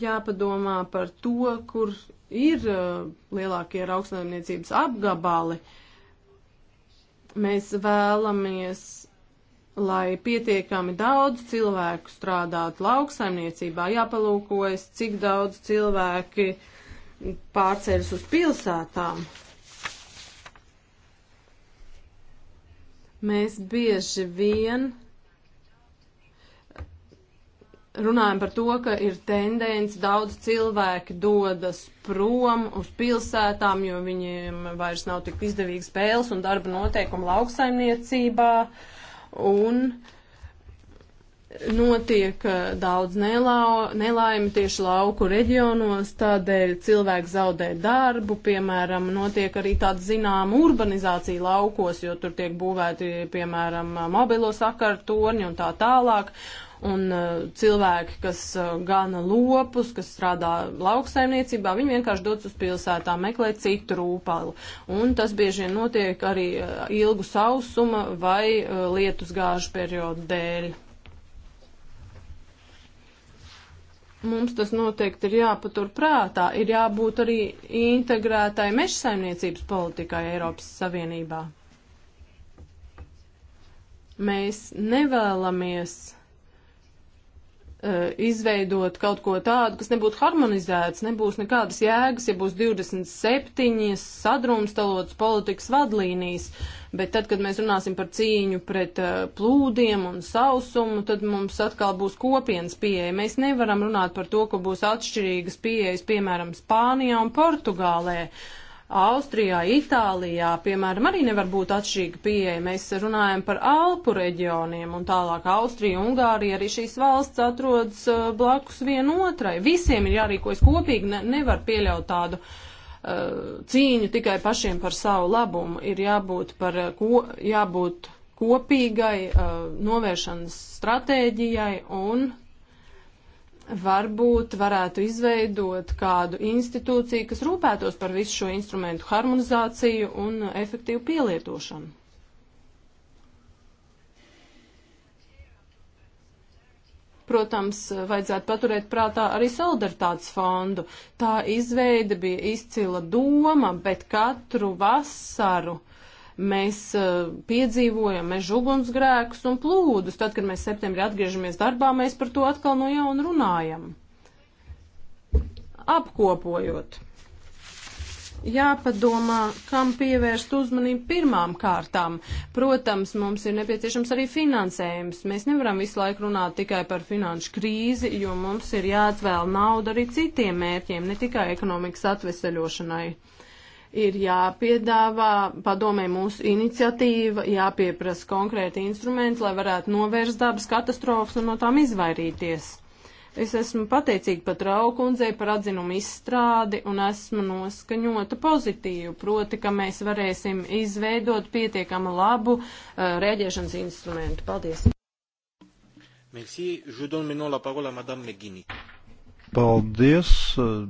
jāpadomā par to, kur ir uh, lielākie rauksaimniecības apgabali. Mēs vēlamies lai pietiekami daudz cilvēku strādātu lauksaimniecībā, jāpalūkojas, cik daudz cilvēki pārceļas uz pilsētām. Mēs bieži vien runājam par to, ka ir tendence daudz cilvēki dodas prom uz pilsētām, jo viņiem vairs nav tik izdevīgi spēles un darba noteikumi lauksaimniecībā. Un notiek uh, daudz nelaimi tieši lauku reģionos, tādēļ cilvēki zaudē darbu, piemēram, notiek arī tāda zināma urbanizācija laukos, jo tur tiek būvēti, piemēram, mobilo sakaru torņi un tā tālāk un uh, cilvēki, kas uh, gana lopus, kas strādā lauksaimniecībā, viņi vienkārši dodas uz pilsētām, meklē citu rūpalu. Un tas bieži vien notiek arī uh, ilgu sausuma vai lietus gāžu periodu dēļ. Mums tas noteikti ir jāpatur prātā, ir jābūt arī integrētai mežsaimniecības politikai Eiropas Savienībā. Mēs nevēlamies Uh, izveidot kaut ko tādu, kas nebūtu harmonizēts, nebūs nekādas jēgas, ja būs 27 sadrumstalotas politikas vadlīnijas, bet tad, kad mēs runāsim par cīņu pret uh, plūdiem un sausumu, tad mums atkal būs kopienas pieeja. Mēs nevaram runāt par to, ka būs atšķirīgas pieejas, piemēram, Spānijā un Portugālē. Uh, Austrijā, Itālijā, piemēram, arī nevar būt atšķirīga pieeja. Mēs runājam par Alpu reģioniem un tālāk Austrija, Ungārija, arī šīs valsts atrodas uh, blakus vienotrai. Visiem ir jārīkojas kopīgi, ne, nevar pieļaut tādu uh, cīņu tikai pašiem par savu labumu. Ir jābūt, par, uh, ko, jābūt kopīgai uh, novēršanas stratēģijai un varbūt varētu izveidot kādu institūciju, kas rūpētos par visu šo instrumentu harmonizāciju un efektīvu pielietošanu. Protams, vajadzētu paturēt prātā arī solidaritātes fondu. Tā izveide bija izcila doma, bet katru vasaru uh, mēs uh, piedzīvojam mežu ugunsgrēkus un plūdus. Tad, kad mēs septembrī atgriežamies darbā, mēs par to atkal no jauna runājam. Apkopojot, jāpadomā, kam pievērst uzmanību pirmām kārtām. Protams, mums ir nepieciešams arī finansējums. Mēs nevaram visu laiku runāt tikai par finanšu krīzi, jo mums ir jāatvēl nauda arī citiem mērķiem, ne tikai ekonomikas atveseļošanai ir jāpiedāvā padomē mūsu iniciatīva, jāpieprasa konkrēti instrumenti, lai varētu novērst dabas katastrofas un no tām izvairīties. Es esmu pateicīga pat Raukundzei par atzinumu izstrādi un esmu noskaņota pozitīvu, proti, ka mēs varēsim izveidot pietiekama labu uh, rēģēšanas instrumentu. Paldies! Merci. Je donne maintenant la parole à Madame McGuinness. Paldies, uh,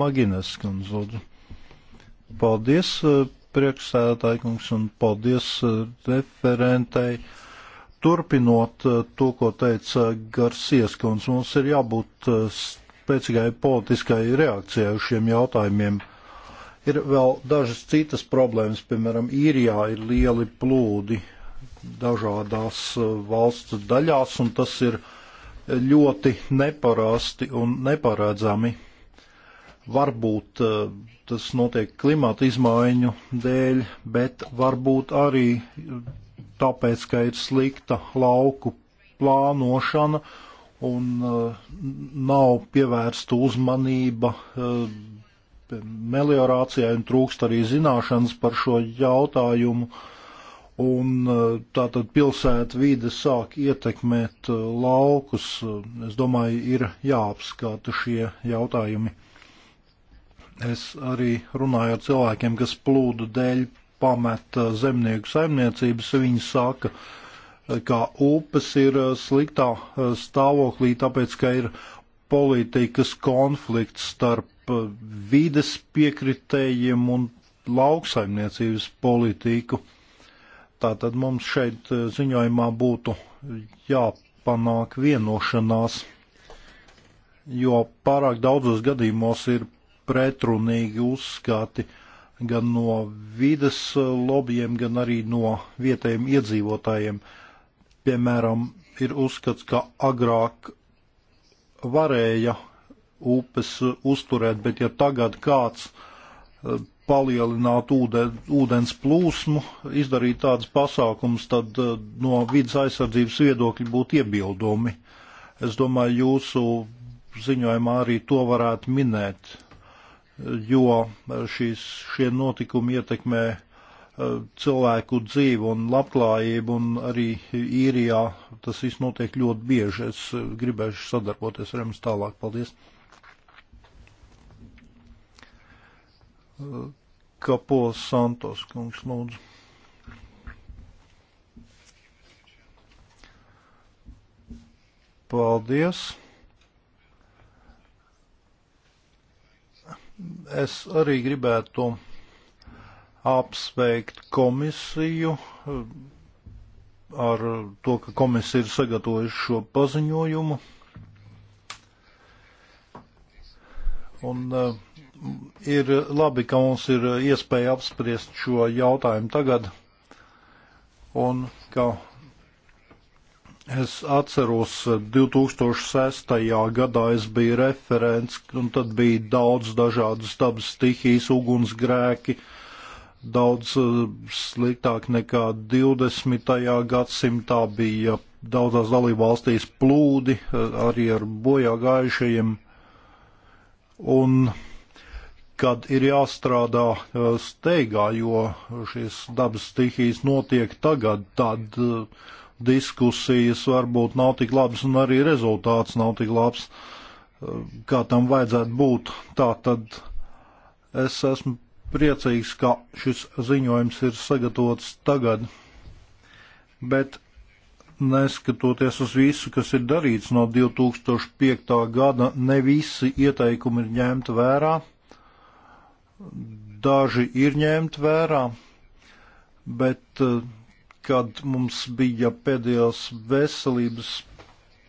Maginas kundze. Paldies, eh, priekšsēdētāji kungs, un paldies eh, referentei. Turpinot eh, to, ko teica Garsies kungs, mums ir jābūt spēcīgai politiskai reakcijai uz šiem jautājumiem. Ir vēl dažas citas problēmas, piemēram, īrijā ir lieli plūdi dažādās valsts daļās, un tas ir ļoti neparasti un neparedzami. Varbūt eh, tas notiek klimata izmaiņu dēļ, bet varbūt arī eh, tāpēc, ka ir slikta lauku plānošana un eh, nav pievērsta uzmanība meliorācijai un trūkst arī zināšanas par šo jautājumu. Un tātad pilsēta vide sāk ietekmēt laukus. Es domāju, ir jāapskata šie jautājumi. Es arī runāju ar cilvēkiem, kas plūdu dēļ pameta zemnieku saimniecības. Viņi saka, ka upes ir eh, sliktā eh, stāvoklī, tāpēc, ka ir politikas konflikts starp eh, vides piekritējiem un lauksaimniecības politiku. Tātad mums šeit ziņojumā būtu jāpanāk vienošanās, jo pārāk daudzos gadījumos ir pretrunīgi uzskati gan no vides lobbyiem, gan arī no vietējiem iedzīvotājiem. Piemēram, ir uzskats, ka agrāk varēja upes uzturēt, bet ja tagad kāds eh, palielināt ūden, ūdens plūsmu, izdarīt tādas pasākums, tad eh, no vidas aizsardzības viedokļa būtu iebildumi. Es domāju, jūsu ziņojumā arī to varētu minēt jo eh, šīs, šie notikumi ietekmē eh, cilvēku dzīvi un labklājību, un arī īrijā tas viss notiek ļoti bieži. Es eh, gribēšu sadarboties ar jums tālāk. Paldies! Kapo Santos kungs lūdzu. Paldies! Es arī gribētu apsveikt komisiju eh, ar to, ka komisija ir sagatavojusi šo paziņojumu. Un eh, ir labi, ka mums ir iespēja apspriest šo jautājumu tagad un ka Es atceros, 2006. Eh, gadā es biju referents, un tad bija daudz dažādas dabas stihijas, ugunsgrēki, daudz eh, sliktāk nekā 20. gadsimtā bija daudzās dalībvalstīs plūdi, eh, arī ar bojā gājušajiem. Un kad ir jāstrādā steigā, jo šīs dabas stihijas notiek tagad, tad uh, diskusijas varbūt nav tik labas un arī rezultāts nav tik labs, eh, kā tam vajadzētu būt. Tā tad es esmu priecīgs, ka šis ziņojums ir sagatavots tagad. Bet neskatoties uz visu, kas ir darīts no 2005. gada, ne visi ieteikumi ir ņemti vērā. Daži ir ņemti vērā, bet uh, kad mums bija pēdējās veselības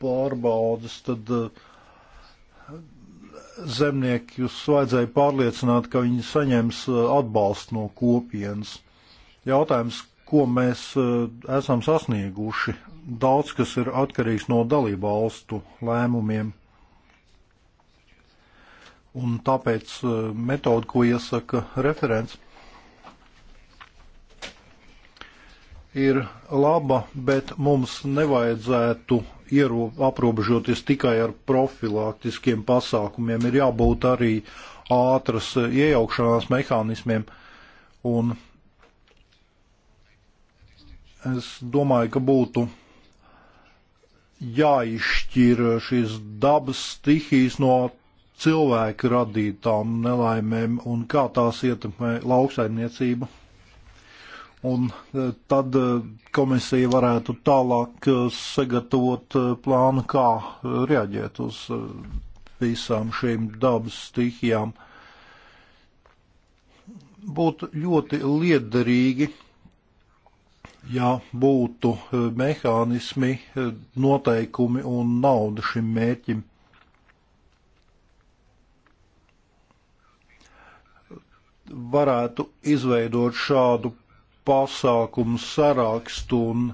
pārbaudas, tad eh, zemniekus vajadzēja pārliecināt, ka viņi saņems eh, atbalstu no kopienas. Jautājums, ko mēs eh, esam sasnieguši, daudz kas ir atkarīgs no dalībvalstu lēmumiem. Un tāpēc metoda, ko iesaka referents, ir laba, bet mums nevajadzētu iero, aprobežoties tikai ar profilaktiskiem pasākumiem. Ir jābūt arī ātras iejaukšanās mehānismiem. Un es domāju, ka būtu jāizšķir šīs dabas stihijas no cilvēku radītām nelaimēm un kā tās ietekmē lauksaimniecību un e, tad e, komisija varētu tālāk e, sagatavot plānu, kā reaģēt uz visām šīm dabas stihijām. Būtu ļoti liederīgi, ja būtu mehānismi, noteikumi un nauda šim mērķim. Varētu izveidot šādu pasākumu sarakstu, un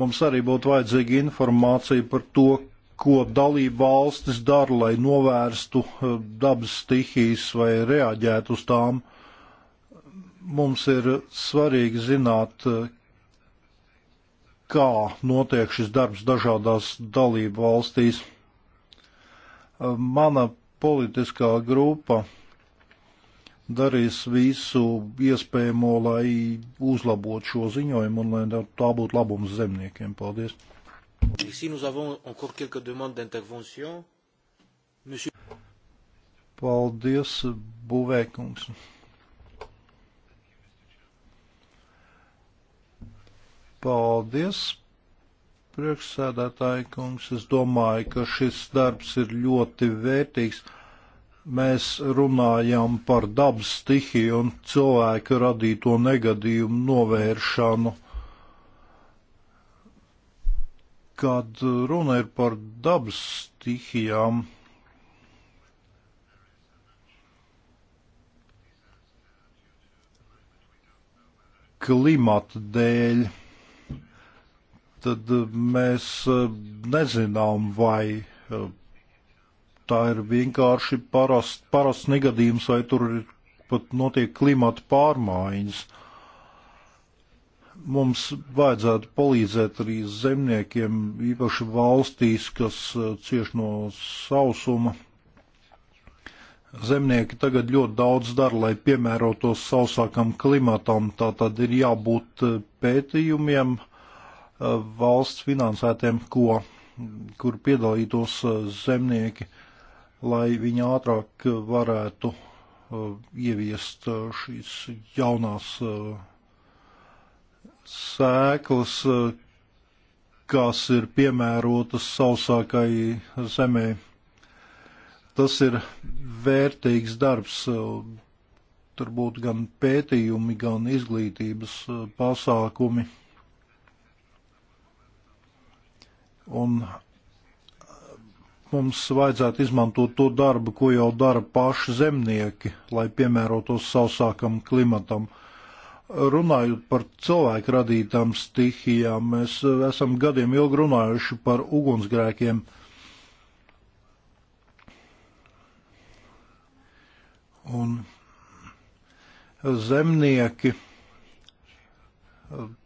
mums arī būtu vajadzīga informācija par to, ko dalību valstis dara, lai novērstu eh, dabas stihijas vai reaģētu uz tām. Mums ir svarīgi zināt, eh, kā notiek šis darbs dažādās dalību valstīs. Eh, mana politiskā grupa darīs visu iespējamo, lai uzlabotu šo ziņojumu un lai tā būtu labums zemniekiem. Paldies! Ici, nous avons encore quelques demandes d'intervention. Monsieur... Paldies, Buvēkungs. Paldies, priekšsēdētāji kungs. Es domāju, ka šis darbs ir ļoti vērtīgs mēs runājam par dabas stihiju un cilvēku radīto negadījumu novēršanu. Kad runa ir par dabas stihijām, klimata dēļ, tad mēs nezinām, vai tā ir vienkārši parasts parast negadījums, vai tur pat notiek klimata pārmaiņas. Mums vajadzētu palīdzēt arī zemniekiem, īpaši valstīs, kas uh, cieš no sausuma. Zemnieki tagad ļoti daudz dara, lai piemērotos sausākam klimatam, tā tad ir jābūt uh, pētījumiem uh, valsts finansētiem, ko, kur piedalītos zemnieki. Uh, lai viņi ātrāk varētu uh, ieviest uh, šīs jaunās uh, sēklas, kas ir piemērotas sausākai zemē. Tas ir vērtīgs darbs. Tur būtu gan pētījumi, gan izglītības pasākumi. Un mums vajadzētu izmantot to darbu, ko jau dara paši zemnieki, lai piemērotos sausākam klimatam. Runājot par cilvēku radītām stihijām, mēs esam gadiem ilgi runājuši par ugunsgrēkiem. Un zemnieki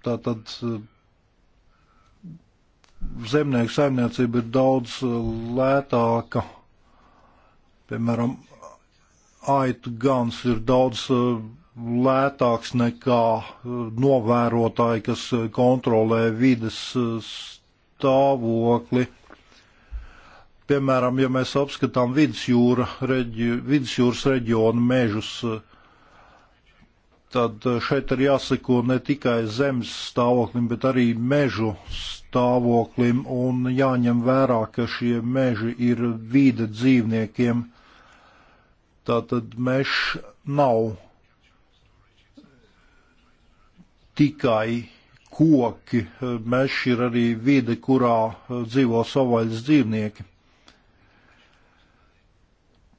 tātad zemnieku saimniecība ir daudz uh, lētāka. Piemēram, aitu gans ir daudz uh, lētāks nekā uh, novērotāji, kas kontrolē vides stāvokli. Piemēram, ja mēs apskatām vidusjūra, reģi, vidusjūras reģionu mežus, tad šeit ir jāseko ne tikai zemes stāvoklim, bet arī mežu stāvoklim stāvoklim un jāņem vērā, ka šie meži ir vīda dzīvniekiem. Tātad mežs nav tikai koki, mežs ir arī vide, kurā dzīvo savvaļas dzīvnieki.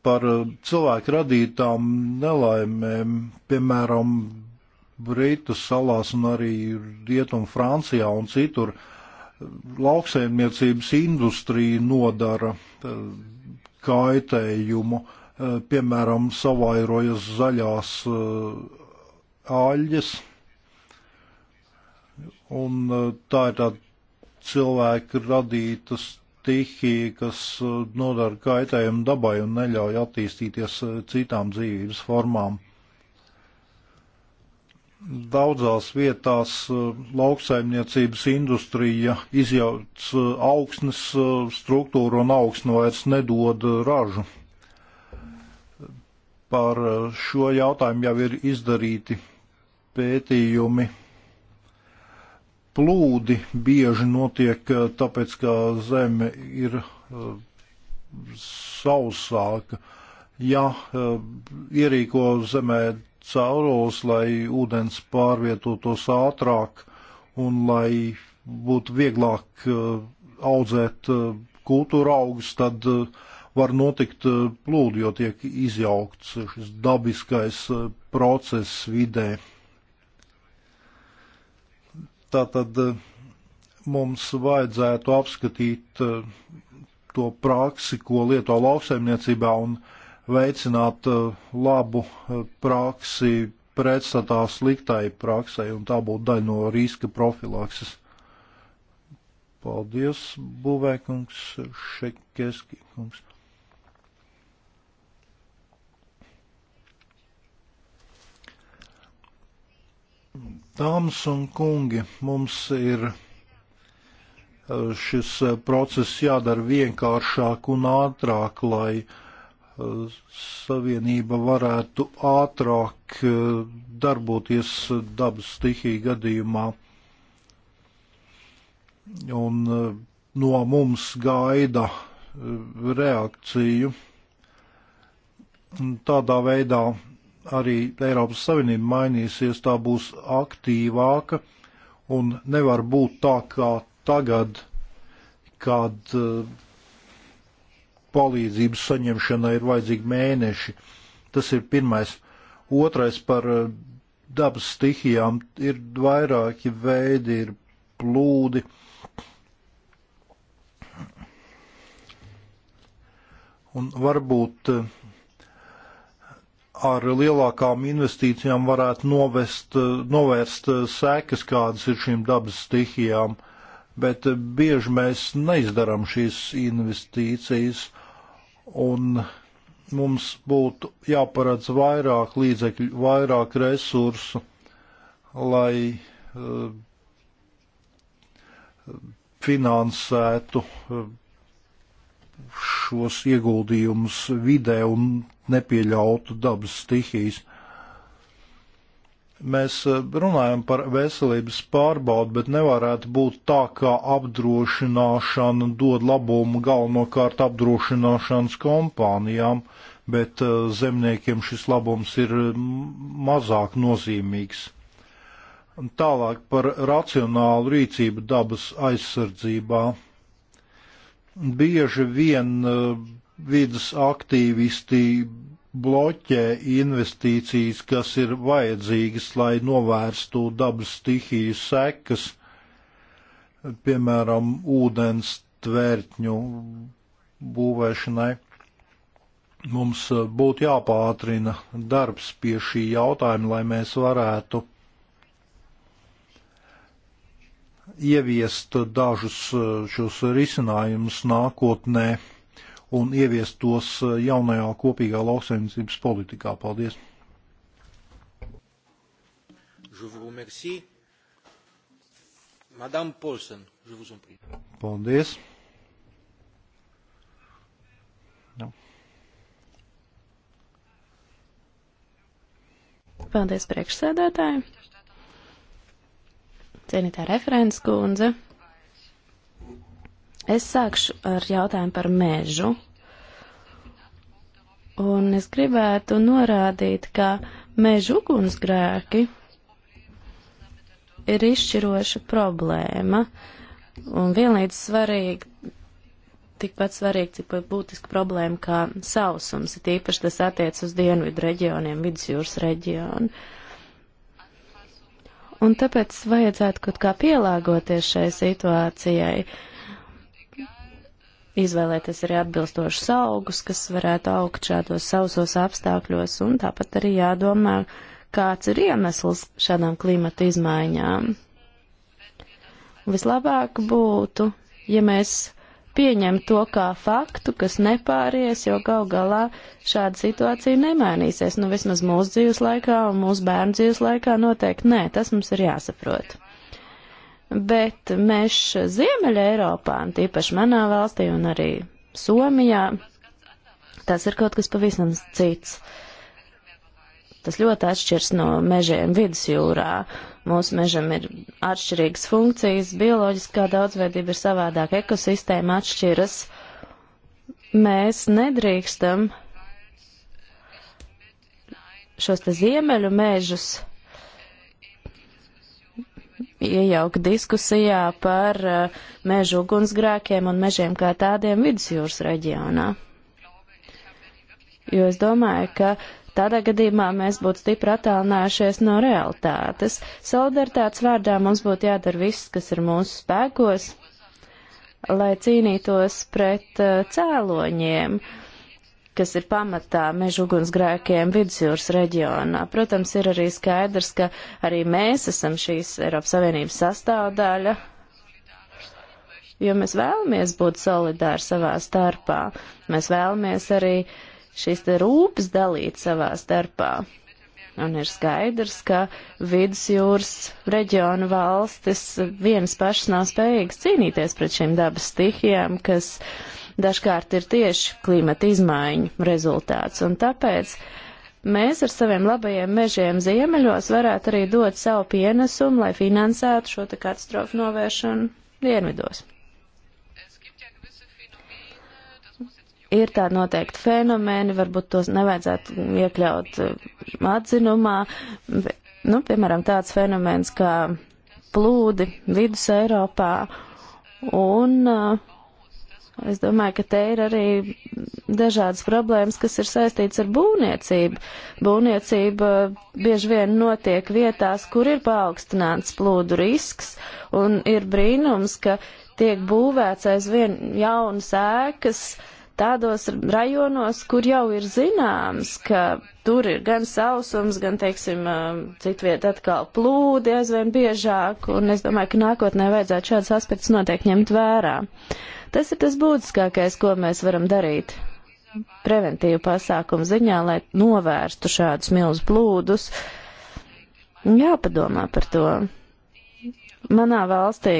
Par cilvēku radītām nelaimēm, piemēram, Brītu salās un arī Rietumu Francijā un citur, uh, lauksaimniecības industrija nodara eh, kaitējumu, eh, piemēram, savairojas zaļās āļas, eh, un tā ir tāda cilvēka radīta stihija, kas nodara kaitējumu dabai un neļauj attīstīties citām dzīvības formām daudzās vietās eh, lauksaimniecības industrija izjauc eh, augsnes eh, struktūru un augsne vairs nedod ražu. Par šo jautājumu jau ir izdarīti pētījumi. Plūdi bieži notiek tāpēc, ka zeme ir sausāka. Ja ierīko zemē caurules, lai ūdens pārvietotos ātrāk un lai būtu vieglāk eh, audzēt eh, kultūra augus, tad eh, var notikt plūdi, jo tiek izjaukts šis dabiskais process vidē. Tātad mums vajadzētu apskatīt to praksi, ko lieto lauksaimniecībā un lauksaimniecībā veicināt uh, labu uh, praksi pretstatā sliktai praksai, un tā būtu daļa no riska profilakses. Paldies, Buvēkungs, Šekeski kungs. Dāmas un kungi, mums ir uh, šis process jādara vienkāršāk un ātrāk, lai uh, Savienība varētu ātrāk eh, darboties dabas stihija gadījumā. Un eh, no mums gaida eh, reakciju. Tādā veidā arī Eiropas Savienība mainīsies, tā būs aktīvāka un nevar būt tā kā tagad, kad uh, palīdzības saņemšanai ir vajadzīgi mēneši. Tas ir pirmais. Otrais par eh, dabas stihijām ir vairāki veidi, ir plūdi. Un varbūt eh, ar lielākām investīcijām varētu novest, eh, novērst sekas, kādas ir šīm dabas stihijām, bet bieži mēs neizdaram šīs investīcijas un mums būtu jāparedz vairāk līdzekļu, vairāk resursu, lai uh, finansētu uh, šos ieguldījumus vidē un nepieļautu dabas stihijas. Mēs eh, runājam par veselības pārbaudu, bet nevarētu būt tā, ka apdrošināšana dod labumu galvenokārt apdrošināšanas kompānijām, bet eh, zemniekiem šis labums ir mazāk nozīmīgs. Tālāk par racionālu rīcību dabas aizsardzībā. Bieži vien eh, vidas aktīvisti bloķē investīcijas, kas ir vajadzīgas, lai novērstu dabas stihiju sekas, piemēram, ūdens tvērtņu būvēšanai. Mums eh, būtu jāpātrina darbs pie šī jautājuma, lai mēs varētu ieviest dažus eh, šos risinājumus nākotnē un ieviest tos eh, jaunajā kopīgā lauksaimniecības politikā. Paldies! Polsen, Paldies! No. Paldies priekšsēdētāji! Cienītā referents kundze! Es sākšu ar jautājumu par mežu. Un es gribētu norādīt, ka mežu ugunsgrēki ir izšķiroša problēma un vienlīdz svarīgi, tikpat svarīgi, cik pat būtiska problēma kā sausums, ir īpaši tas attiec uz dienvidu reģioniem, vidusjūras reģionu. Un tāpēc vajadzētu kaut kā pielāgoties šai situācijai. Uh, izvēlēties arī atbilstošus augus, kas varētu augt šādos sausos apstākļos, un tāpat arī jādomā, kāds ir iemesls šādām klimata izmaiņām. Vislabāk būtu, ja mēs pieņem to kā faktu, kas nepāries, jo gal galā šāda situācija nemainīsies. Nu, vismaz mūsu dzīves laikā un mūsu bērnu dzīves laikā noteikti nē, tas mums ir jāsaprot bet mēs Ziemeļa Eiropā, un tīpaši manā valstī un arī Somijā, tas ir kaut kas pavisam cits. Tas ļoti atšķirs no mežiem vidusjūrā. Mūsu mežam ir atšķirīgas funkcijas, bioloģiskā daudzveidība ir savādāk, ekosistēma atšķiras. Mēs nedrīkstam šos te ziemeļu mežus iejaukt diskusijā par eh, mežu ugunsgrēkiem un mežiem kā tādiem vidusjūras reģionā. Jo es domāju, ka tādā gadījumā mēs būtu stipri attālinājušies no realitātes. Solidaritātes vārdā mums būtu jādara viss, kas ir mūsu spēkos, lai cīnītos pret eh, cēloņiem. Uh, kas ir pamatā meža ugunsgrēkiem vidusjūras reģionā. Protams, ir arī skaidrs, ka arī mēs esam šīs Eiropas Savienības sastāvdaļa, jo mēs vēlamies būt solidāri savā starpā. Mēs vēlamies arī šīs te rūpes dalīt savā starpā. Un ir skaidrs, ka vidusjūras reģionu valstis vienas pašas nav spējīgas cīnīties pret šīm dabas stihijām, kas uh, dažkārt ir tieši klimata izmaiņu rezultāts. Un tāpēc mēs ar saviem labajiem mežiem ziemeļos varētu arī dot savu pienesumu, lai finansētu šo katastrofu novēršanu dienvidos. ir tādi noteikti fenomeni, varbūt tos nevajadzētu iekļaut uh, atzinumā. Nu, piemēram, tāds fenomens kā plūdi vidus Eiropā un uh, Es domāju, ka te ir arī dažādas problēmas, kas ir saistītas ar būvniecību. Būvniecība bieži vien notiek vietās, kur ir paaugstināts plūdu risks, un ir brīnums, ka tiek būvēts aizvien jaunas ēkas tādos rajonos, kur jau ir zināms, ka tur ir gan sausums, gan, teiksim, um, citviet atkal plūdi aizvien biežāk, un es domāju, ka nākotnē vajadzētu šādas aspektus noteikti ņemt vērā. Uh, Tas ir tas būtiskākais, ko mēs varam darīt preventīvu pasākumu ziņā, lai novērstu šādus milzu plūdus. Jāpadomā par to. Manā valstī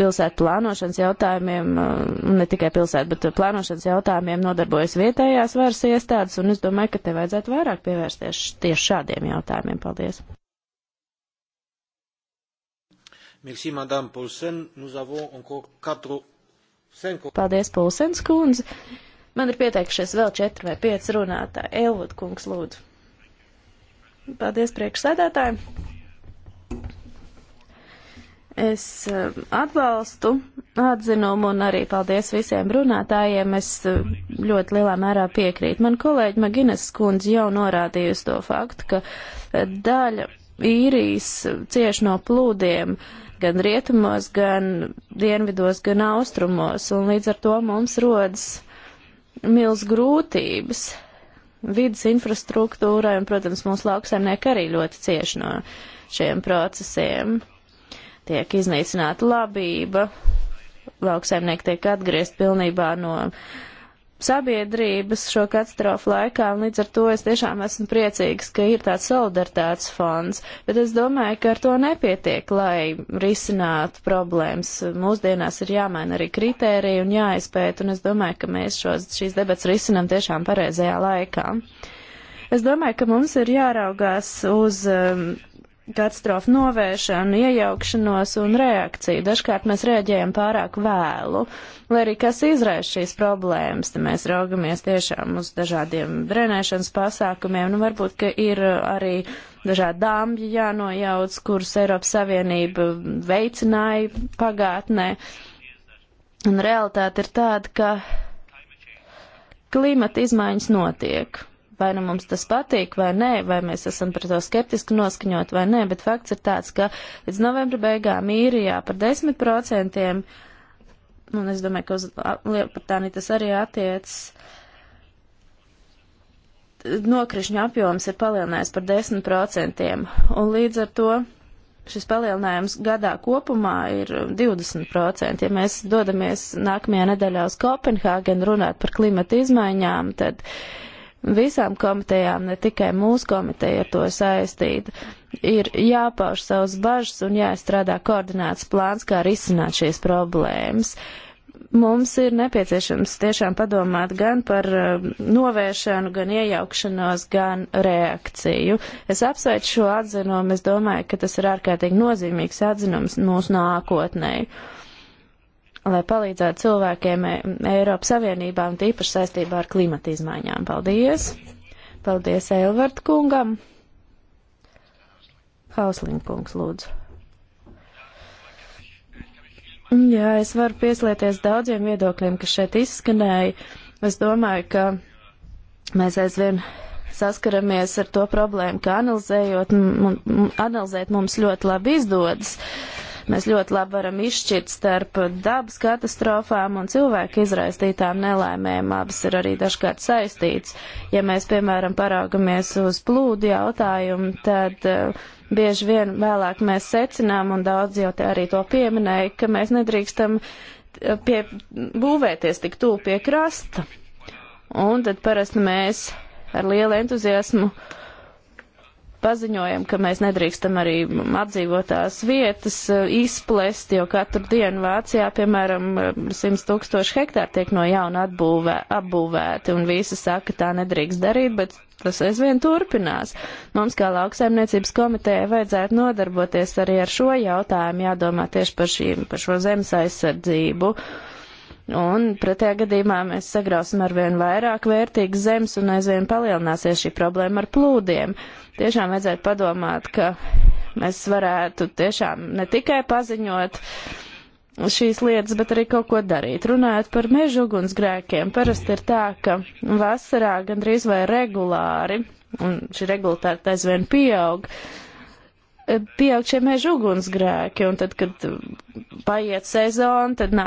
pilsētu plānošanas jautājumiem, uh, ne tikai pilsētu, bet uh, plānošanas jautājumiem nodarbojas vietējās varas iestādes, un es domāju, ka te vajadzētu vairāk pievērsties tieši šādiem jautājumiem. Paldies! Merci, Madame Paulsen. Nous avons encore katru senko. Paldies, Paulsens kundze. Man ir pieteikušies vēl četri vai pieci runātāji. Elvud kungs, lūdzu. Paldies priekšsēdētājiem. Es eh, atbalstu atzinumu un arī paldies visiem runātājiem. Es eh, ļoti lielā mērā piekrītu. Man kolēģi Maginas kundze jau norādījusi to faktu, ka eh, daļa īrijas cieši no plūdiem. Uh, gan rietumos, gan dienvidos, gan austrumos, un līdz ar to mums rodas milz grūtības vidas infrastruktūrai, un, protams, mūsu lauksaimnieki arī ļoti cieši no šiem procesiem. Tiek iznīcināta labība, lauksaimnieki tiek atgriezt pilnībā no uh, sabiedrības šo katastrofu laikā, un līdz ar to es tiešām esmu priecīgs, ka ir tāds solidaritātes fonds, bet es domāju, ka ar to nepietiek, lai risinātu problēmas. Mūsdienās ir jāmaina arī kritērija un jāizpēta, un es domāju, ka mēs šos, šīs debats risinam tiešām pareizajā laikā. Es domāju, ka mums ir jāraugās uz um, katastrofu novēršanu, iejaukšanos un reakciju. Dažkārt mēs rēģējam pārāk vēlu, lai arī kas izraisa šīs problēmas, te mēs raugamies tiešām uz dažādiem drenēšanas pasākumiem, nu varbūt, ka ir uh, arī dažādi dāmļi jānojauc, kurus Eiropas Savienība veicināja pagātnē. Un realitāte ir tāda, ka klimata izmaiņas notiek vai nu mums tas patīk vai nē, vai mēs esam par to skeptiski noskaņot vai nē, bet fakts ir tāds, ka līdz novembra beigām īrijā par 10%, un es domāju, ka uz Lielbritāniju tas arī attiecas, nokrišņu apjoms ir palielinājies par 10%, un līdz ar to šis palielinājums gadā kopumā ir 20%. Ja mēs dodamies nākamajā nedēļā uz Kopenhāgenu runāt par klimata izmaiņām, tad uh, visām komitejām, ne tikai mūsu komiteja ar to saistīta, ir jāpauž savas bažas un jāizstrādā koordinēts plāns, kā risināt šīs problēmas. Mums ir nepieciešams tiešām padomāt gan par eh, novēršanu, gan iejaukšanos, gan reakciju. Es apsveicu šo atzinumu, es domāju, ka tas ir ārkārtīgi nozīmīgs atzinums mūsu nākotnēji lai palīdzētu cilvēkiem e, Eiropas Savienībā un tīpaši saistībā ar klimata izmaiņām. Paldies! Paldies Eilvart kungam! Hauslinkungs, lūdzu. Jā, es varu pieslieties daudziem viedokļiem, kas šeit izskanēja. Es domāju, ka mēs aizvien saskaramies ar to problēmu, ka analizējot, analizēt mums ļoti labi izdodas. Uh, Mēs ļoti labi varam izšķirt starp dabas katastrofām un cilvēku izraistītām nelēmēm. Abas ir arī dažkārt saistīts. Ja mēs, piemēram, paraugamies uz plūdu jautājumu, tad uh, bieži vien vēlāk mēs secinām, un daudz jau te arī to pieminēja, ka mēs nedrīkstam eh, pie, būvēties tik tūp pie krasta. Un tad parasti mēs ar lielu entuziasmu uh, paziņojam, ka mēs nedrīkstam arī apdzīvotās vietas e, izplest, jo katru dienu Vācijā, piemēram, 100 e, tūkstoši hektāri tiek no jauna atbūvē, apbūvēti, un visi saka, ka tā nedrīkst darīt, bet tas aizvien turpinās. Mums kā lauksaimniecības komitejai vajadzētu nodarboties arī ar šo jautājumu, jādomā tieši par, šīm, par šo zemes aizsardzību. Uh, un pretējā gadījumā mēs sagrausim arvien vairāk vērtīgas zemes un aizvien palielināsies šī problēma ar plūdiem. Tiešām vajadzētu padomāt, ka mēs varētu tiešām ne tikai paziņot šīs lietas, bet arī kaut ko darīt. Runājot par mežu ugunsgrēkiem, parasti ir tā, ka vasarā gandrīz vai regulāri, un šī regulāri aizvien pieaug, uh, pieaug šie meža ugunsgrēki, un tad, kad paiet sezona, tad nā,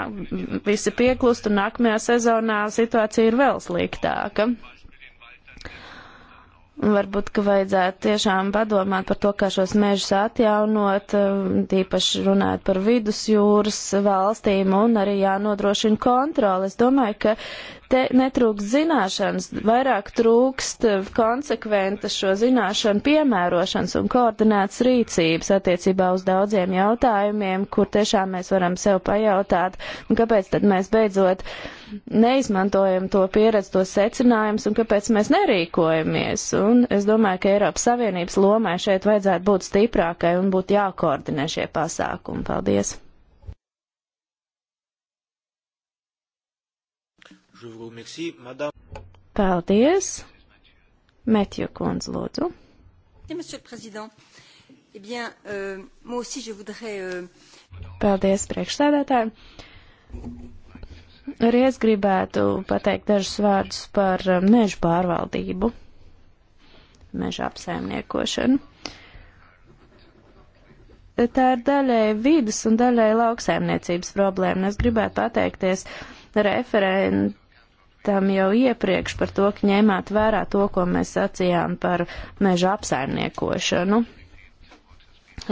visi pieklust, un nākamajā sezonā situācija ir vēl sliktāka. Varbūt, ka vajadzētu tiešām padomāt par to, kā šos mežus atjaunot, tīpaši runāt par vidusjūras valstīm un arī jānodrošina kontroli. Es domāju, ka Te netrūkst zināšanas, vairāk trūkst eh, konsekventa šo zināšanu piemērošanas un koordinētas rīcības attiecībā uz daudziem jautājumiem, kur tiešām mēs varam sev pajautāt, un kāpēc tad mēs beidzot neizmantojam to pieredzi, to secinājumus, un kāpēc mēs nerīkojamies. Un es domāju, ka Eiropas Savienības lomai šeit vajadzētu būt stiprākai un būtu jākoordinē šie pasākumi. Paldies! Je vous remercie, madame. Paldies. Metju kundz, lūdzu. Monsieur le Président, eh bien, euh, moi aussi je voudrais. Euh... Paldies, priekšsēdētāji. Arī es gribētu pateikt dažus vārdus par um, mežu pārvaldību, meža apsaimniekošanu. Tā ir daļai vidas un daļai lauksaimniecības problēma. Es gribētu pateikties referentu tam jau iepriekš par to, ka ņēmāt vērā to, ko mēs sacījām par meža apsaimniekošanu.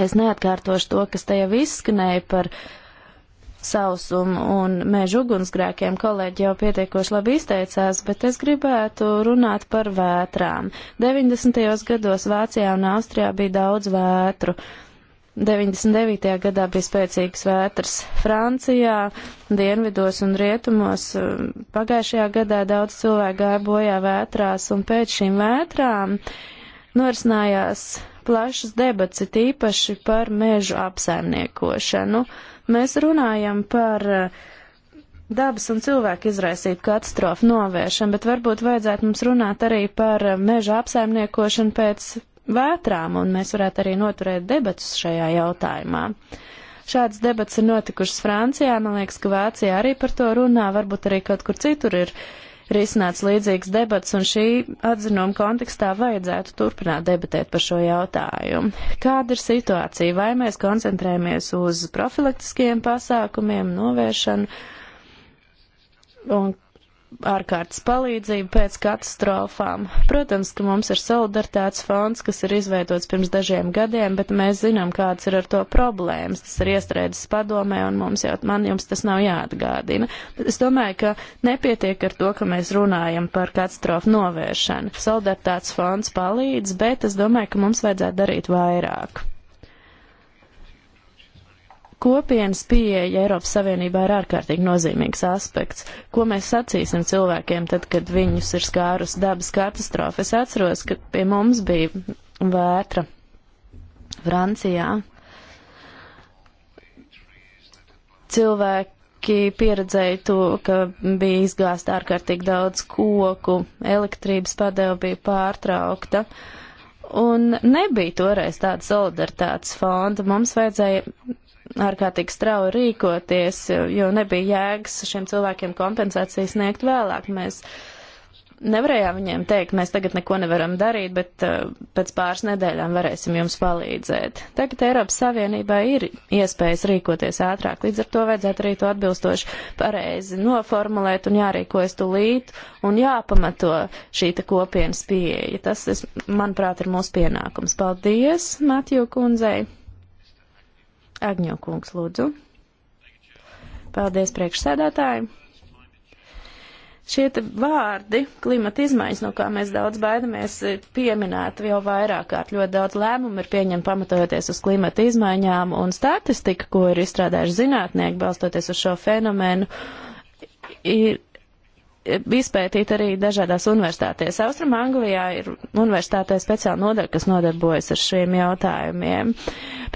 Es neatkārtošu to, kas te jau izskanēja par sausumu un meža ugunsgrēkiem. Kolēģi jau pietiekoši labi izteicās, bet es gribētu runāt par vētrām. 90. gados Vācijā un Austrijā bija daudz vētru. Uh, 99. gadā bija spēcīgs vētras Francijā, dienvidos un rietumos. Pagājušajā gadā daudz cilvēku gāja bojā vētrās, un pēc šīm vētrām norisinājās plašas debats, it īpaši par mežu apsaimniekošanu. Mēs runājam par eh, dabas un cilvēku izraisītu katastrofu novēršanu, bet varbūt vajadzētu mums runāt arī par eh, mežu apsaimniekošanu pēc vētrām, un mēs varētu arī noturēt debatus šajā jautājumā. Šādas debats ir notikušas Francijā, man liekas, ka Vācija arī par to runā, varbūt arī kaut kur citur ir risināts līdzīgs debats, un šī atzinuma kontekstā vajadzētu turpināt debatēt par šo jautājumu. Kāda ir situācija? Vai mēs koncentrējamies uz profilaktiskiem pasākumiem, novēršanu? Un ārkārtas palīdzību pēc katastrofām. Protams, ka mums ir solidaritātes fonds, kas ir izveidots pirms dažiem gadiem, bet mēs zinām, kāds ir ar to problēmas. Tas ir iestrēdzis padomē, un mums jau, man jums tas nav jāatgādina. Bet es domāju, ka nepietiek ar to, ka mēs runājam par katastrofu novēršanu. Solidaritātes fonds palīdz, bet es domāju, ka mums vajadzētu darīt vairāk. Kopienas pieeja Eiropas Savienībā ir ārkārtīgi nozīmīgs aspekts. Ko mēs sacīsim cilvēkiem tad, kad viņus ir skārus dabas katastrofa? Es atceros, ka pie mums bija vētra Francijā. Cilvēki pieredzēja to, ka bija izgāzt ārkārtīgi daudz koku, elektrības padeva bija pārtraukta. Un nebija toreiz tāda solidaritātes fonda. Mums vajadzēja ārkārtīgi strauji rīkoties, jo nebija jēgas šiem cilvēkiem kompensācijas sniegt vēlāk. Mēs nevarējām viņiem teikt, mēs tagad neko nevaram darīt, bet uh, pēc pāris nedēļām varēsim jums palīdzēt. Tagad Eiropas Savienībā ir iespējas rīkoties ātrāk, līdz ar to vajadzētu arī to atbilstoši pareizi noformulēt un jārīkojas tūlīt un jāpamato šīta kopienas pieeja. Tas, es, manuprāt, ir mūsu pienākums. Paldies, Matju kundzei! Agņokungs, lūdzu. Paldies, priekšsēdētāji. Šie vārdi, klimata izmaiņas, no kā mēs daudz baidamies, pieminēt jau vairāk kārt. Ļoti daudz lēmumu ir pieņemta pamatojoties uz klimata izmaiņām, un statistika, ko ir izstrādājuši zinātnieki, balstoties uz šo fenomenu, ir izpētīti arī dažādās universitātēs. Austrum Anglijā ir universitātē speciāla nodaļa, kas nodarbojas ar šiem jautājumiem.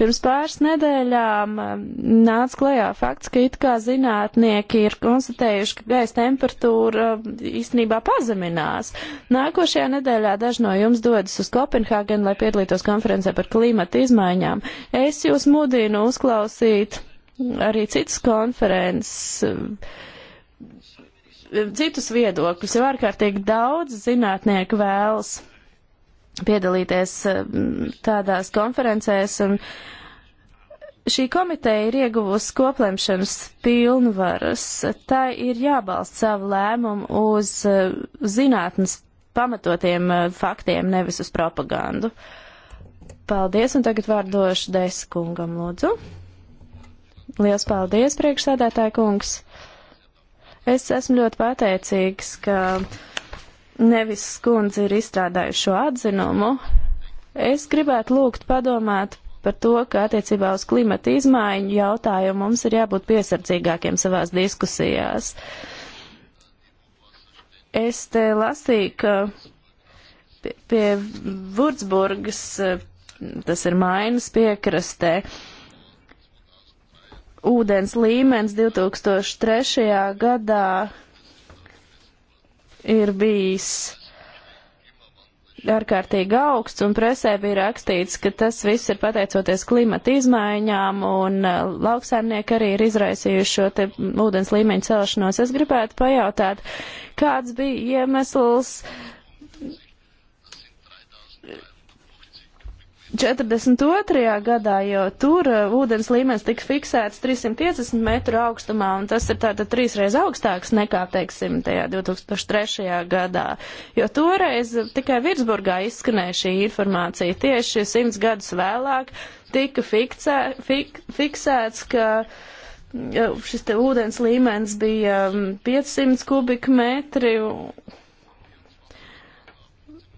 Pirms pāris nedēļām um, nāca klajā fakts, ka it kā zinātnieki ir konstatējuši, ka gaisa temperatūra um, īstenībā pazeminās. Nākošajā nedēļā daži no jums dodas uz Kopenhāgenu, lai piedalītos konferencē par klimata izmaiņām. Es jūs mudinu uzklausīt arī citas konferences citus viedokļus, jo ārkārtīgi daudz zinātnieku vēlas piedalīties eh, tādās konferencēs, un šī komiteja ir ieguvusi koplemšanas pilnvaras. Tā ir jābalst savu lēmumu uz eh, zinātnes pamatotiem eh, faktiem, nevis uz propagandu. Paldies, un tagad vārdošu Deskungam, lūdzu. Liels paldies, priekšsēdētāja kungs! Es esmu ļoti pateicīgs, ka nevis skundze ir izstrādājuši šo atzinumu. Es gribētu lūgt padomāt par to, ka attiecībā uz klimata izmaiņu jautājumu mums ir jābūt piesardzīgākiem savās diskusijās. Es te lasīju, ka pie, pie Vurtsburgas, tas ir mainas piekrastē, uh, ūdens līmenis 2003. gadā ir bijis ārkārtīgi augsts, un presē bija rakstīts, ka tas viss ir pateicoties klimata izmaiņām, un uh, lauksaimnieki arī ir izraisījuši šo te ūdens līmeņu celšanos. Es gribētu pajautāt, kāds bija iemesls uh, 42. gadā, jo tur uh, ūdens līmenis tika fiksēts 350 metru augstumā, un tas ir tātad trīsreiz augstāks nekā, teiksim, tajā 2003. gadā, jo toreiz tikai Virsburgā izskanēja šī informācija. Tieši simts gadus vēlāk tika fiksē, fik, fiksēts, ka uh, šis te ūdens līmenis bija 500 um, kubikmetri. Un,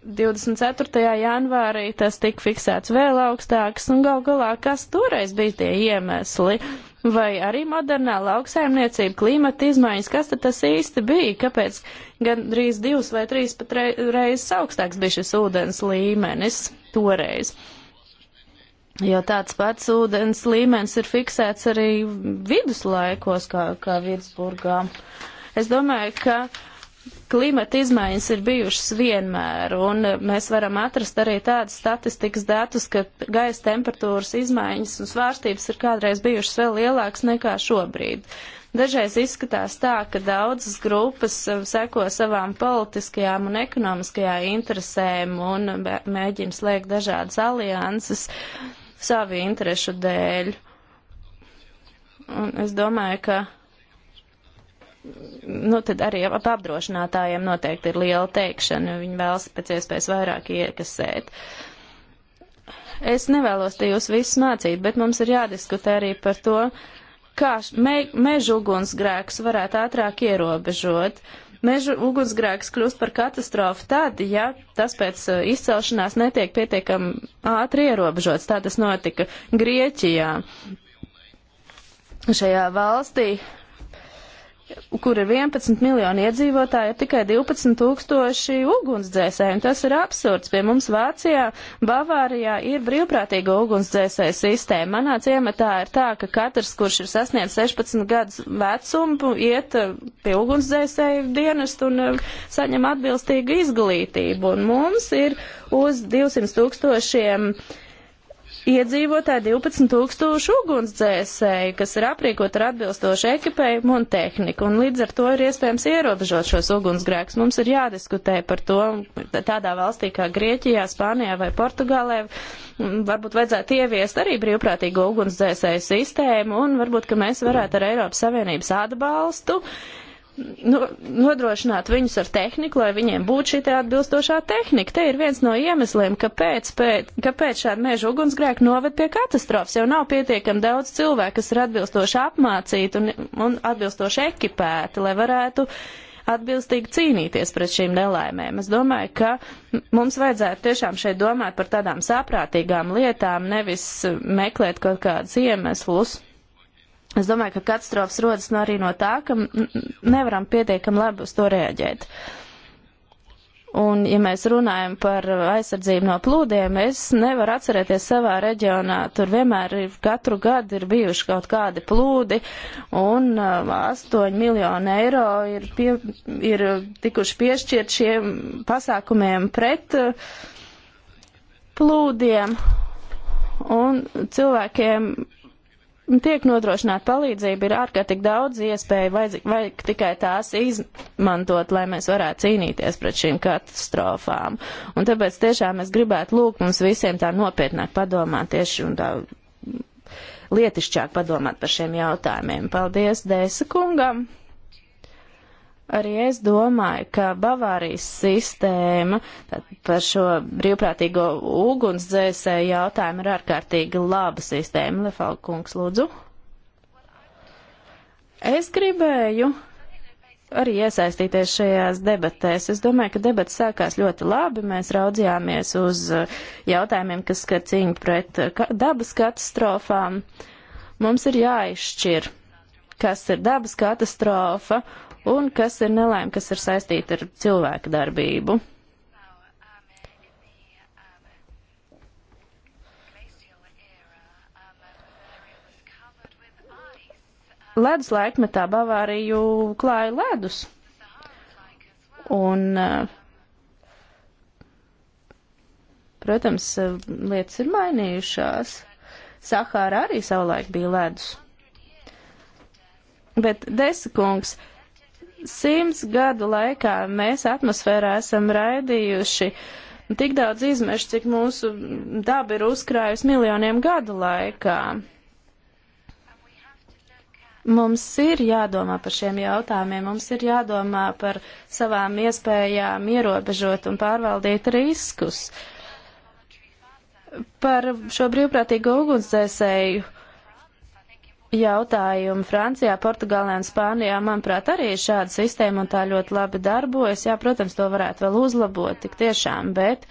24. janvārī tas tika fiksēts vēl augstāks, un gal galā, kas toreiz bija tie iemesli, vai arī modernā lauksaimniecība, klimata izmaiņas, kas tad tas īsti bija, kāpēc gan drīz divas vai trīs pat rei, reizes augstāks bija šis ūdens līmenis toreiz. Jo tāds pats ūdens līmenis ir fiksēts arī viduslaikos, kā, kā vidusburgā. Es domāju, ka Klimata izmaiņas ir bijušas vienmēr, un mēs varam atrast arī tādas statistikas datus, ka gaisa temperatūras izmaiņas un svārstības ir kādreiz bijušas vēl lielākas nekā šobrīd. Dažreiz izskatās tā, ka daudzas grupas seko savām politiskajām un ekonomiskajām interesēm un mēģina slēgt dažādas alianses savu interešu dēļ. Un es domāju, ka nu, tad arī apdrošinātājiem noteikti ir liela teikšana, viņi vēlas pēc iespējas vairāk iekasēt. Es nevēlos te jūs visus mācīt, bet mums ir jādiskutē arī par to, kā me, mežu ugunsgrēkus varētu ātrāk ierobežot. Mežu ugunsgrēks kļūst par katastrofu tad, ja tas pēc uh, izcelšanās netiek pietiekami ātri ierobežots. Tā tas notika Grieķijā. Šajā valstī kur ir 11 miljoni iedzīvotāji, ir tikai 12 tūkstoši ugunsdzēsēji, un tas ir absurds. Pie mums Vācijā, Bavārijā ir brīvprātīga ugunsdzēsēja sistēma. Manā ciematā ir tā, ka katrs, kurš ir sasniedz 16 gadus vecumu, iet eh, pie ugunsdzēsēju dienestu un eh, saņem atbilstīgu izglītību, un mums ir uz 200 tūkstošiem 000 iedzīvotāji 12 tūkstoši ugunsdzēsēji, kas ir aprīkot ar atbilstošu ekipējumu un tehniku, un līdz ar to ir iespējams ierobežot šos ugunsgrēkus. Mums ir jādiskutē par to tādā valstī kā Grieķijā, Spānijā vai Portugālē. Varbūt vajadzētu ieviest arī brīvprātīgo ugunsdzēsēju sistēmu, un varbūt, ka mēs varētu ar Eiropas Savienības atbalstu uh, Nu, nodrošināt viņus ar tehniku, lai viņiem būtu šī atbilstošā tehnika. Te ir viens no iemesliem, kāpēc, pēc, kāpēc šāda meža ugunsgrēka noved pie katastrofas. Jau nav pietiekami daudz cilvēku, kas ir atbilstoši apmācīti un, un atbilstoši ekipēti, lai varētu atbilstīgi cīnīties pret šīm nelaimēm. Es domāju, ka mums vajadzētu tiešām šeit domāt par tādām saprātīgām lietām, nevis meklēt kaut kādus iemeslus. Es domāju, ka katastrofas rodas no nu arī no tā, ka nevaram pietiekam labi uz to reaģēt. Un, ja mēs runājam par aizsardzību no plūdiem, es nevaru atcerēties savā reģionā. Tur vienmēr ir katru gadu ir bijuši kaut kādi plūdi, un uh, 8 miljoni eiro ir, pie, ir tikuši piešķirt šiem pasākumiem pret uh, plūdiem. Un cilvēkiem tiek nodrošināta palīdzība, ir ārkārtīgi daudz iespēju, vajag, vajag tikai tās izmantot, lai mēs varētu cīnīties pret šīm katastrofām. Un tāpēc tiešām es gribētu lūgt mums visiem tā nopietnāk padomāt tieši un tā lietišķāk padomāt par šiem jautājumiem. Paldies Dēsa kungam! Arī es domāju, ka Bavārijas sistēma par šo brīvprātīgo ugunsdzēsēju jautājumu ir ārkārtīgi laba sistēma. Lefalkungs, lūdzu. Es gribēju arī iesaistīties šajās debatēs. Es domāju, ka debats sākās ļoti labi. Mēs raudzījāmies uz uh, jautājumiem, kas skar cīņu pret uh, dabas katastrofām. Mums ir jāizšķir, kas ir dabas katastrofa un kas ir nelēma, kas ir saistīta ar cilvēku darbību. Ledus laikmetā Bavāriju klāja ledus. Un, eh, protams, lietas ir mainījušās. Sahāra arī savulaik bija ledus. Bet Desa kungs, uh, simts gadu laikā mēs atmosfērā esam raidījuši tik daudz izmešu, cik mūsu daba ir uzkrājusi miljoniem gadu laikā. Mums ir jādomā par šiem jautājumiem, mums ir jādomā par savām iespējām ierobežot un pārvaldīt riskus. Par šo brīvprātīgo ugunsdzēsēju jautājumi Francijā, Portugālē un Spānijā, manuprāt, arī ir šāda sistēma un tā ļoti labi darbojas. Jā, protams, to varētu vēl uzlabot, tik tiešām, bet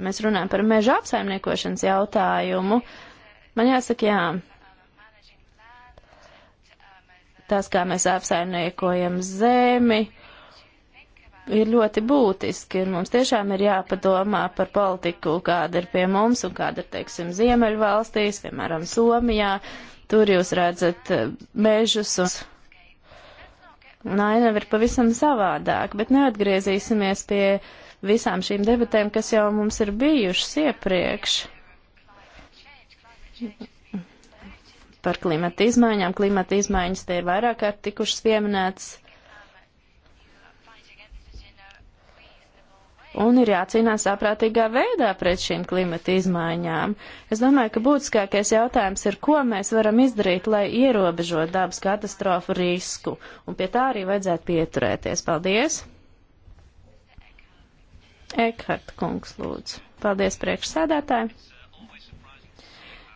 mēs runājam par meža apsaimniekošanas jautājumu. Man jāsaka, jā, tas, kā mēs apsaimniekojam zemi, ir ļoti būtiski, un mums tiešām ir jāpadomā par politiku, kāda ir pie mums un kāda ir, teiksim, Ziemeļvalstīs, piemēram, Somijā. Tur jūs redzat eh, mežus un Nainava ir pavisam savādāk, bet neatgriezīsimies pie visām šīm debatēm, kas jau mums ir bijušas iepriekš par klimata izmaiņām. Klimata izmaiņas te ir vairāk kārt tikušas pieminētas. un ir jācīnās saprātīgā veidā pret šīm klimata izmaiņām. Es domāju, ka būtiskākais jautājums ir, ko mēs varam izdarīt, lai ierobežot dabas katastrofu risku, un pie tā arī vajadzētu pieturēties. Paldies! Ekhart kungs, lūdzu. Paldies priekšsēdētāji.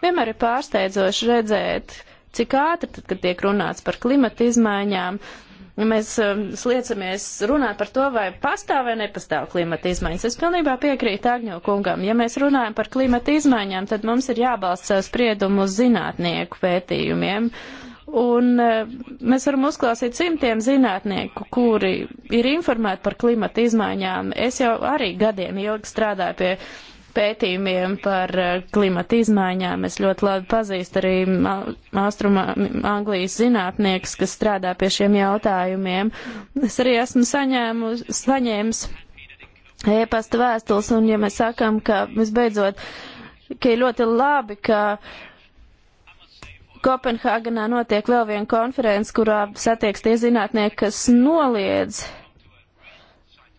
Vienmēr ir pārsteidzoši redzēt, cik ātri, tad, kad tiek runāts par klimata izmaiņām, uh, mēs um, sliecamies runāt par to, vai pastāv vai nepastāv klimata izmaiņas. Es pilnībā piekrītu Agņo kungam. Ja mēs runājam par klimata izmaiņām, tad mums ir jābalsta savu spriedumu uz zinātnieku pētījumiem. Un uh, mēs varam uzklausīt simtiem zinātnieku, kuri ir informēti par klimata izmaiņām. Es jau arī gadiem ilgi strādāju pie pētījumiem par eh, klimata izmaiņām. Es ļoti labi pazīstu arī Austruma Anglijas zinātnieks, kas strādā pie šiem jautājumiem. Es arī esmu saņēmu, saņēmis e-pasta vēstules, un ja mēs sakam, ka visbeidzot, ka ir ļoti labi, ka Kopenhāganā notiek vēl viena konference, kurā satieks tie zinātnieki, kas noliedz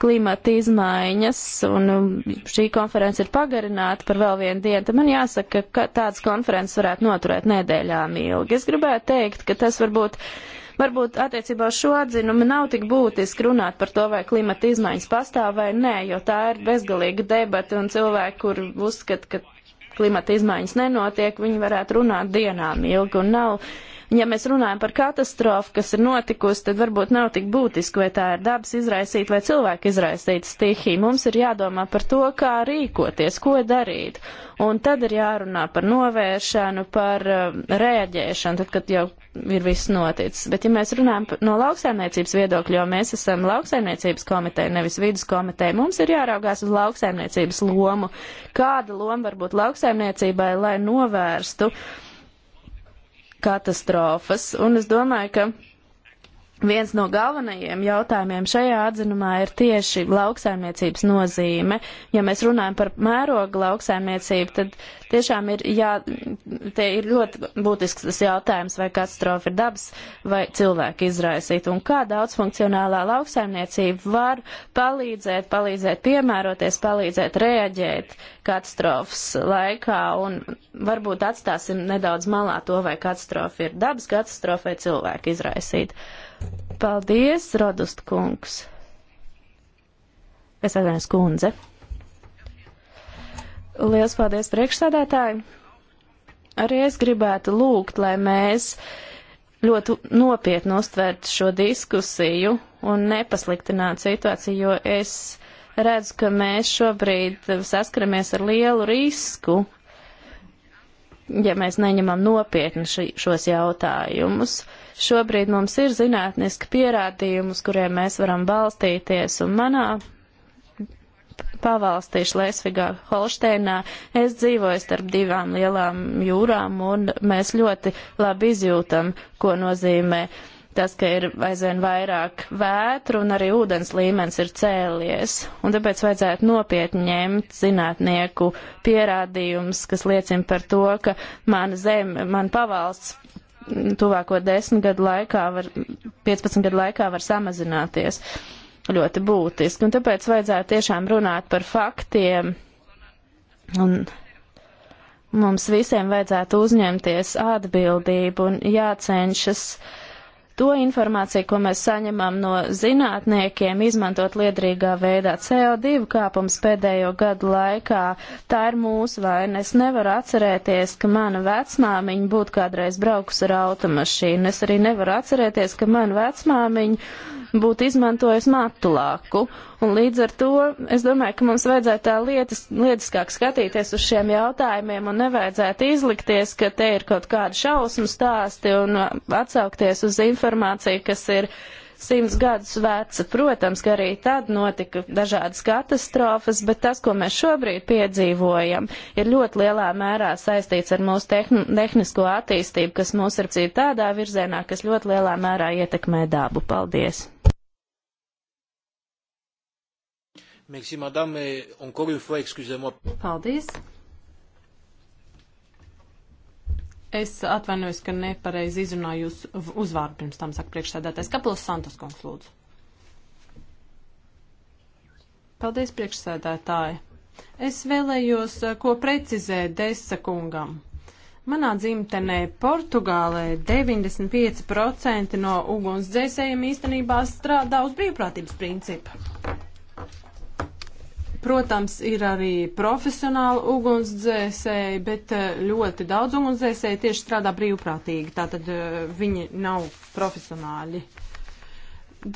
klimata izmaiņas, un um, šī konference ir pagarināta par vēl vienu dienu, tad man jāsaka, ka tādas konferences varētu noturēt nedēļām ilgi. Es gribētu teikt, ka tas varbūt. Varbūt attiecībā uz šo atzinumu nav tik būtiski runāt par to, vai klimata izmaiņas pastāv vai nē, jo tā ir bezgalīga debata un cilvēki, kur uzskata, ka klimata izmaiņas nenotiek, viņi varētu runāt dienām ilgi un nav Ja mēs runājam par katastrofu, kas ir notikusi, tad varbūt nav tik būtiski, vai tā ir dabas izraisīta vai cilvēka izraisīta stihija. Mums ir jādomā par to, kā rīkoties, ko darīt. Un tad ir jārunā par novēršanu, par uh, um, rēģēšanu, tad, kad jau ir viss noticis. Bet ja mēs runājam par, no lauksaimniecības viedokļa, jo mēs esam lauksaimniecības komiteja, nevis vidus komiteja, mums ir jāraugās uz lauksaimniecības lomu. Kāda loma var būt lauksaimniecībai, lai novērstu uh, katastrofas. Un es domāju, ka Viens no galvenajiem jautājumiem šajā atzinumā ir tieši lauksaimniecības nozīme. Ja mēs runājam par mērogu lauksaimniecību, tad tiešām ir, jā, tie ir ļoti būtisks tas jautājums, vai katastrofa ir dabas vai cilvēka izraisīta. Un kā daudzfunkcionālā lauksaimniecība var palīdzēt, palīdzēt piemēroties, palīdzēt reaģēt katastrofas laikā un varbūt atstāsim nedaudz malā to, vai katastrofa ir dabas katastrofa vai cilvēka izraisīta. Paldies, Rodust kungs. Es atvainojos kundze. Lielas paldies priekšsādātāji. Arī es gribētu lūgt, lai mēs ļoti nopietni uztvērtu šo diskusiju un nepasliktinātu situāciju, jo es redz, ka mēs šobrīd saskaramies ar lielu risku, ja mēs neņemam nopietni ši, šos jautājumus. Šobrīd mums ir zinātniski pierādījumi, uz kuriem mēs varam balstīties, un manā pavalstī Šlēsvigā Holšteinā es dzīvoju starp divām lielām jūrām, un mēs ļoti labi izjūtam, ko nozīmē uh, tas, ka ir aizvien vairāk vētru un arī ūdens līmenis ir cēlies. Un tāpēc vajadzētu nopietni ņemt zinātnieku pierādījumus, kas liecina par to, ka mana zeme, man pavalsts tuvāko desmit gadu laikā var, 15 gadu laikā var samazināties ļoti būtiski. Un tāpēc vajadzētu tiešām runāt par faktiem un mums visiem vajadzētu uzņemties atbildību un jācenšas uh, to informāciju, ko mēs saņemam no zinātniekiem, izmantot liederīgā veidā. CO2 kāpums pēdējo gadu laikā, tā ir mūsu vaina. Es nevaru atcerēties, ka mana vecmāmiņa būtu kādreiz braukus ar automašīnu. Es arī nevaru atcerēties, ka mana vecmāmiņa būtu izmantojusi matulāku. Un līdz ar to es domāju, ka mums vajadzētu tā lietas, lietiskāk skatīties uz šiem jautājumiem un nevajadzētu izlikties, ka te ir kaut kāda šausmu stāsti un uh, atsaukties uz informāciju, kas ir simts gadus veca. Protams, ka arī tad notika dažādas katastrofas, bet tas, ko mēs šobrīd piedzīvojam, ir ļoti lielā mērā saistīts ar mūsu tehn tehnisko attīstību, kas mūs ir cīta tādā virzienā, kas ļoti lielā mērā ietekmē dabu. Paldies! Merci, madame, et encore une fois, excusez-moi. Paldies. Es atvainojos, ka nepareizi izrunāju jūs uzvārdu pirms tam, saka priekšsēdētājs. Kapelos Santos kungs, lūdzu. Paldies, priekšsēdētāji. Es vēlējos eh, ko precizēt Desa kungam. Manā dzimtenē Portugālē 95% no ugunsdzēsējiem īstenībā strādā uz brīvprātības principu. Protams, ir arī profesionāli ugunsdzēsēji, bet eh, ļoti daudz ugunsdzēsēji tieši strādā brīvprātīgi, tātad eh, viņi nav profesionāļi.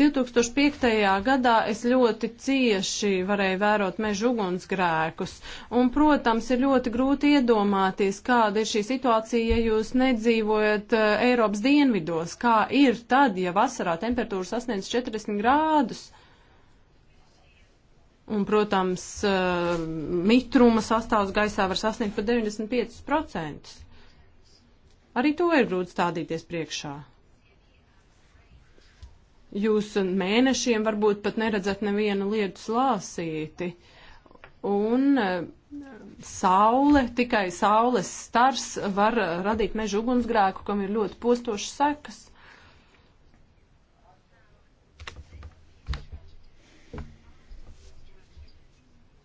2005. gadā es ļoti cieši varēju vērot meža ugunsgrēkus, un, protams, ir ļoti grūti iedomāties, kāda ir šī situācija, ja jūs nedzīvojat eh, Eiropas dienvidos, kā ir tad, ja vasarā temperatūra sasniedz 40 grādus. Un, protams, eh, mitruma sastāvs gaisā var sasniegt pat 95%. Arī to ir grūti stādīties priekšā. Jūs mēnešiem varbūt pat neredzat nevienu lietu slāsīti. Un eh, saule, tikai saules stars var radīt meža ugunsgrēku, kam ir ļoti postošas sekas.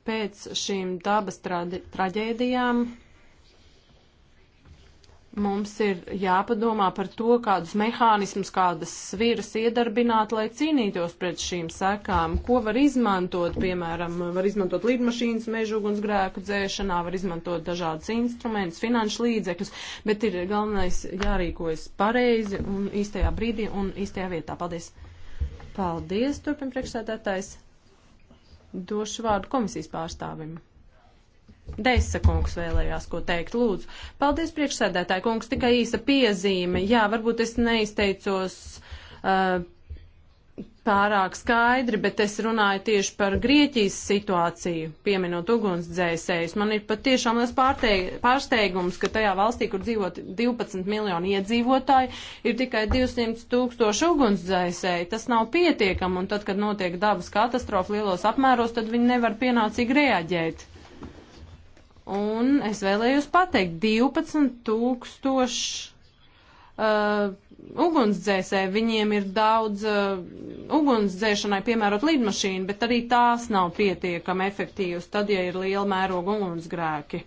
pēc šīm dabas traģēdijām mums ir jāpadomā par to, kādus mehānismus, kādas sviras iedarbināt, lai cīnītos pret šīm sekām, ko var izmantot, piemēram, var izmantot lidmašīnas mežuguns grēku dzēšanā, var izmantot dažādas instrumentus, finanšu līdzekļus, bet ir galvenais jārīkojas pareizi un īstajā brīdī un īstajā vietā. Paldies! Paldies, turpin priekšsēdētājs! Došu vārdu komisijas pārstāvim. Deisa kungs vēlējās ko teikt, lūdzu. Paldies priekšsēdētāji kungs, tikai īsa piezīme. Jā, varbūt es neizteicos uh, pārāk skaidri, bet es runāju tieši par Grieķijas situāciju, pieminot ugunsdzēsējus. Man ir patiešām liels pārsteigums, ka tajā valstī, kur dzīvo 12 miljoni iedzīvotāji, ir tikai 200 tūkstoši ugunsdzēsēji. Tas nav pietiekam, un tad, kad notiek dabas katastrofa lielos apmēros, tad viņi nevar pienācīgi reaģēt. Un es vēlējos pateikt, 12 tūkstoši. Uh, ugunsdzēsēji, viņiem ir daudz uh, ugunsdzēšanai piemērot lidmašīnu, bet arī tās nav pietiekami efektīvas, tad, ja ir liela mēroga ugunsgrēki.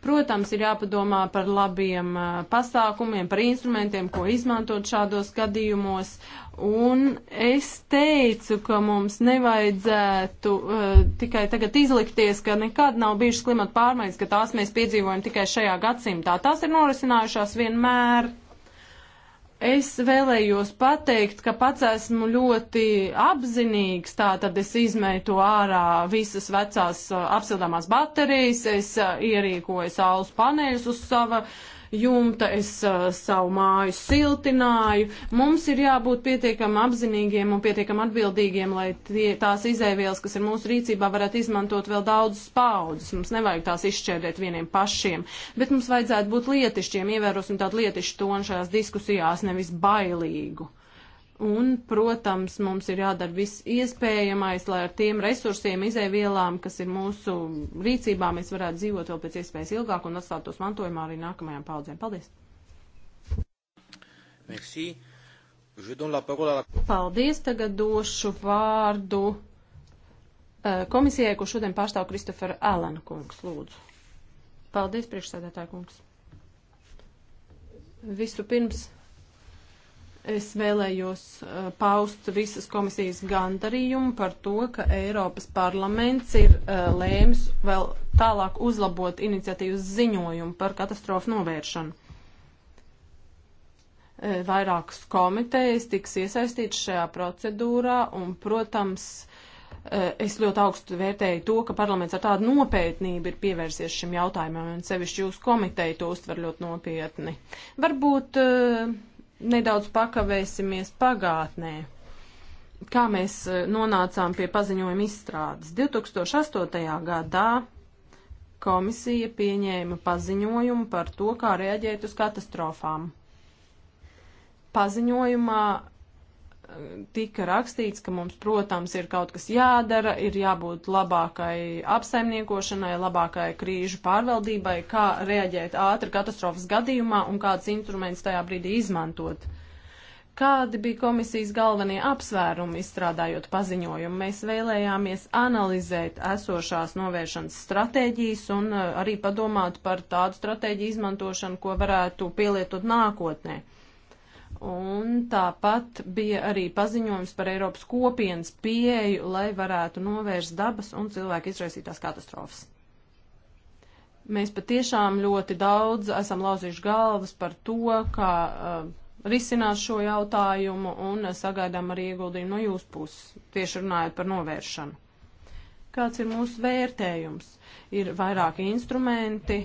Protams, ir jāpadomā par labiem uh, pasākumiem, par instrumentiem, ko izmantot šādos gadījumos. Un es teicu, ka mums nevajadzētu uh, tikai tagad izlikties, ka nekad nav bijušas klimata pārmaiņas, ka tās mēs piedzīvojam tikai šajā gadsimtā. Tās ir norisinājušās vienmēr Es vēlējos pateikt, ka pats esmu ļoti apzinīgs, tā tad es izmeitu ārā visas vecās uh, apsildāmās baterijas, es uh, ierīkoju saules paneļus uz sava uh, jumta, es uh, savu māju siltināju. Mums ir jābūt pietiekami apzinīgiem un pietiekami atbildīgiem, lai tie, tās izēvielas, kas ir mūsu rīcībā, varētu izmantot vēl daudzas paudzes. Mums nevajag tās izšķērdēt vieniem pašiem, bet mums vajadzētu būt lietišķiem, ievērosim tādu lietišķu tonu šajās diskusijās, nevis bailīgu. Un, protams, mums ir jādara viss iespējamais, lai ar tiem resursiem, izēvielām, kas ir mūsu rīcībā, mēs varētu dzīvot vēl pēc iespējas ilgāk un atstāt tos mantojumā arī nākamajām paudzēm. Paldies! Merci. Je donne la parole à la... Paldies, tagad došu vārdu eh, komisijai, ko šodien pārstāv Kristofera Alena kungs, lūdzu. Paldies, priekšsēdētāja kungs. Visu pirms Es vēlējos uh, paust visas komisijas gandarījumu par to, ka Eiropas parlaments ir uh, lēmis vēl tālāk uzlabot iniciatīvas ziņojumu par katastrofu novēršanu. Uh, vairākas komitejas tiks iesaistīts šajā procedūrā un, protams, uh, es ļoti augstu vērtēju to, ka parlaments ar tādu nopietnību ir pievērsies šim jautājumam un sevišķi jūsu komiteja to uztver ļoti nopietni. Varbūt uh, nedaudz pakavēsimies pagātnē. Kā mēs e, nonācām pie paziņojuma izstrādes? 2008. gadā komisija pieņēma paziņojumu par to, kā reaģēt uz katastrofām. Paziņojumā tika rakstīts, ka mums, protams, ir kaut kas jādara, ir jābūt labākai apsaimniekošanai, labākai krīžu pārvaldībai, kā reaģēt ātri katastrofas gadījumā un kādas instruments tajā brīdī izmantot. Kādi bija komisijas galvenie apsvērumi izstrādājot paziņojumu? Mēs vēlējāmies analizēt esošās novēršanas stratēģijas un uh, arī padomāt par tādu stratēģiju izmantošanu, ko varētu pielietot nākotnē. Un tāpat bija arī paziņojums par Eiropas kopienas pieeju, lai varētu novērst dabas un cilvēku izraisītās katastrofas. Mēs patiešām ļoti daudz esam lauzījuši galvas par to, kā uh, risinās šo jautājumu un uh, sagaidām arī ieguldījumu no jūsu puses, tieši runājot par novēršanu. Kāds ir mūsu vērtējums? Ir vairāki instrumenti,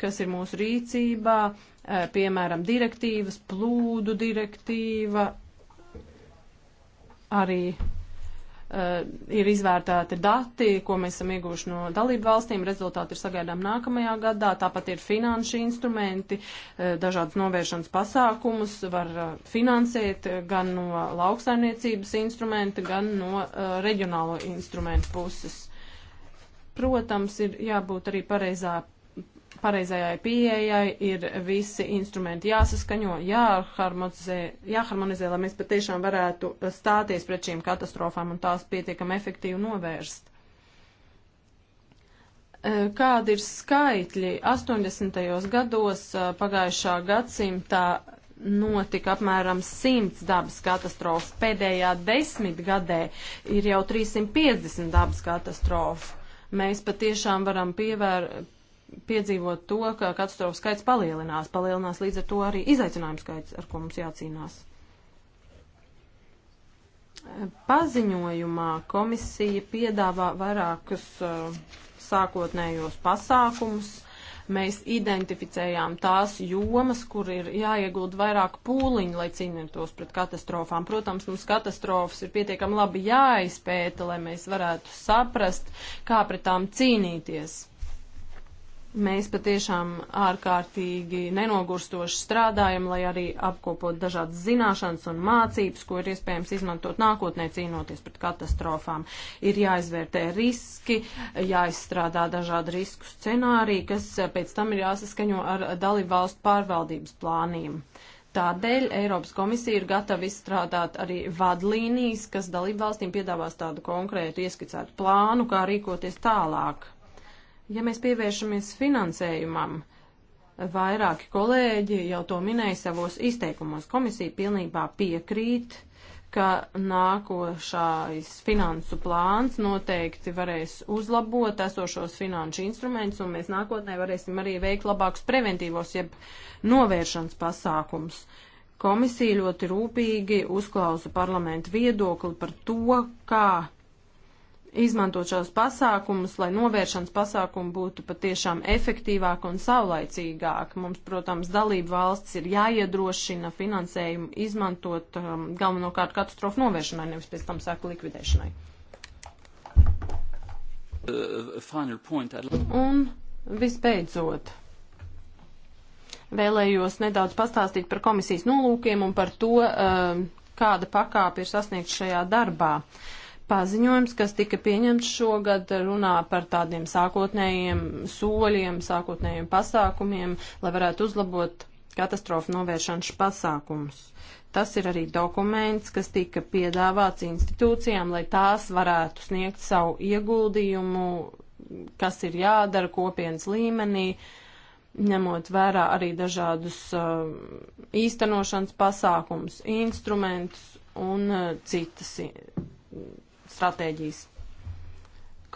kas ir mūsu rīcībā, Eh, piemēram, direktīvas, plūdu direktīva, arī uh, ir izvērtēti dati, ko mēs esam ieguvuši no dalību valstīm. Rezultāti ir sagaidām nākamajā gadā. Tāpat ir finanšu instrumenti, uh, dažādas novēršanas pasākumus var uh, finansēt gan no lauksaimniecības instrumenta, gan no uh, reģionālo instrumentu puses. Protams, ir jābūt arī pareizā pareizajai pieejai ir visi instrumenti jāsaskaņo, jāharmonizē, jāharmonizē lai mēs patiešām varētu stāties pret šīm katastrofām un tās pietiekam efektīvi novērst. E, kādi ir skaitļi? 80. gados e, pagājušā gadsimta notika apmēram 100 dabas katastrofas. Pēdējā desmitgadē ir jau 350 dabas katastrofas mēs patiešām varam pievēr, piedzīvot to, ka katastrofu skaits palielinās, palielinās līdz ar to arī izaicinājumu skaits, ar ko mums jācīnās. Paziņojumā komisija piedāvā vairākus uh, sākotnējos pasākumus. Mēs identificējām tās jomas, kur ir jāieguld vairāk pūliņu, lai cīnītos pret katastrofām. Protams, mums katastrofas ir pietiekami labi jāizpēta, lai mēs varētu saprast, kā pret tām cīnīties Mēs patiešām ārkārtīgi nenogurstoši strādājam, lai arī apkopot dažādas zināšanas un mācības, ko ir iespējams izmantot nākotnē cīnoties pret katastrofām. Ir jāizvērtē riski, jāizstrādā dažādi risku scenāriji, kas pēc tam ir jāsaskaņo ar dalību valstu pārvaldības plāniem. Tādēļ Eiropas komisija ir gatava izstrādāt arī vadlīnijas, kas dalību valstīm piedāvās tādu konkrētu ieskicētu plānu, kā rīkoties tālāk. Ja mēs pievēršamies finansējumam, vairāki kolēģi jau to minēja savos izteikumos. Komisija pilnībā piekrīt, ka nākošais finansu plāns noteikti varēs uzlabot esošos finanšu instrumentus, un mēs nākotnē varēsim arī veikt labākus preventīvos, jeb novēršanas pasākums. Komisija ļoti rūpīgi uzklausa parlamentu viedokli par to, kā izmantot šos pasākumus, lai novēršanas pasākumi būtu patiešām efektīvāk un saulaicīgāk. Mums, protams, dalību valsts ir jāiedrošina finansējumu izmantot um, galvenokārt katastrofu novēršanai, nevis pēc tam sēku likvidēšanai. Uh, un visbeidzot, vēlējos nedaudz pastāstīt par komisijas nolūkiem un par to, um, kāda pakāpe ir sasniegta šajā darbā. Uh, Paziņojums, kas tika pieņemts šogad, runā par tādiem sākotnējiem soļiem, sākotnējiem pasākumiem, lai varētu uzlabot katastrofu novēršanas pasākumus. Tas ir arī dokuments, kas tika piedāvāts institūcijām, lai tās varētu sniegt savu ieguldījumu, kas ir jādara kopienas līmenī, ņemot vērā arī dažādus uh, īstenošanas pasākumus, instrumentus un uh, citas stratēģijas.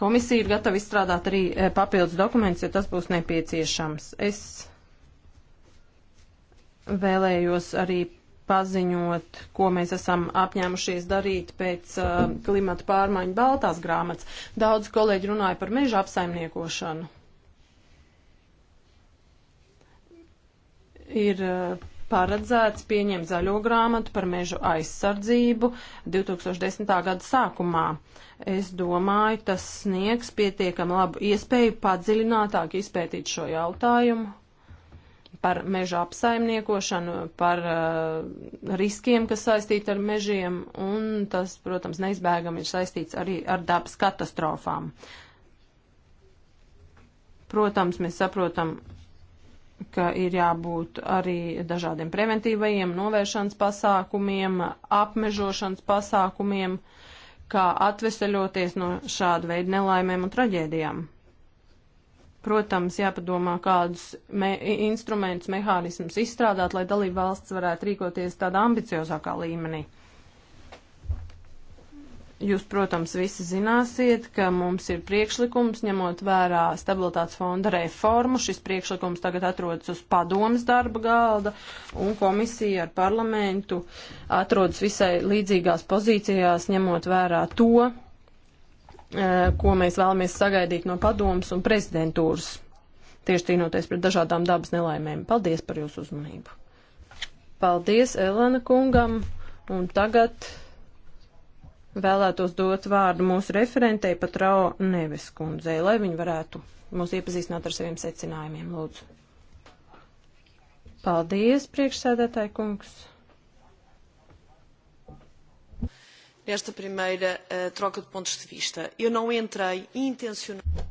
Komisija ir gatava izstrādāt arī e, papildus dokumentus, ja tas būs nepieciešams. Es vēlējos arī paziņot, ko mēs esam apņēmušies darīt pēc uh, klimata pārmaiņu baltās grāmatas. Daudz kolēģi runāja par meža apsaimniekošanu. Ir uh, paredzēts pieņemt zaļo grāmatu par mežu aizsardzību 2010. gada sākumā. Es domāju, tas sniegs pietiekam labu iespēju padziļinātāk izpētīt šo jautājumu par meža apsaimniekošanu, par uh, riskiem, kas saistīti ar mežiem, un tas, protams, neizbēgami ir saistīts arī ar dabas katastrofām. Protams, mēs saprotam, ka ir jābūt arī dažādiem preventīvajiem novēršanas pasākumiem, apmežošanas pasākumiem, kā atveseļoties no šāda veida nelaimēm un traģēdijām. Protams, jāpadomā, kādus me instrumentus, mehānismus izstrādāt, lai dalība valsts varētu rīkoties tādā ambiciozākā līmenī. Jūs, protams, visi zināsiet, ka mums ir priekšlikums, ņemot vērā stabilitātes fonda reformu. Šis priekšlikums tagad atrodas uz padomas darba galda, un komisija ar parlamentu atrodas visai līdzīgās pozīcijās, ņemot vērā to, eh, ko mēs vēlamies sagaidīt no padomas un prezidentūras, tieši cīnoties pret dažādām dabas nelaimēm. Paldies par jūsu uzmanību! Paldies Elena kungam, un tagad. Vēlētos dot vārdu mūsu referentei Patrao Neves kundzei, lai viņi varētu mūs iepazīstināt ar saviem secinājumiem, lūdzu. Paldies, priekšsēdētāji kungs. Nesta primeira uh, troca de pontos de vista, eu não entrei intencionalmente.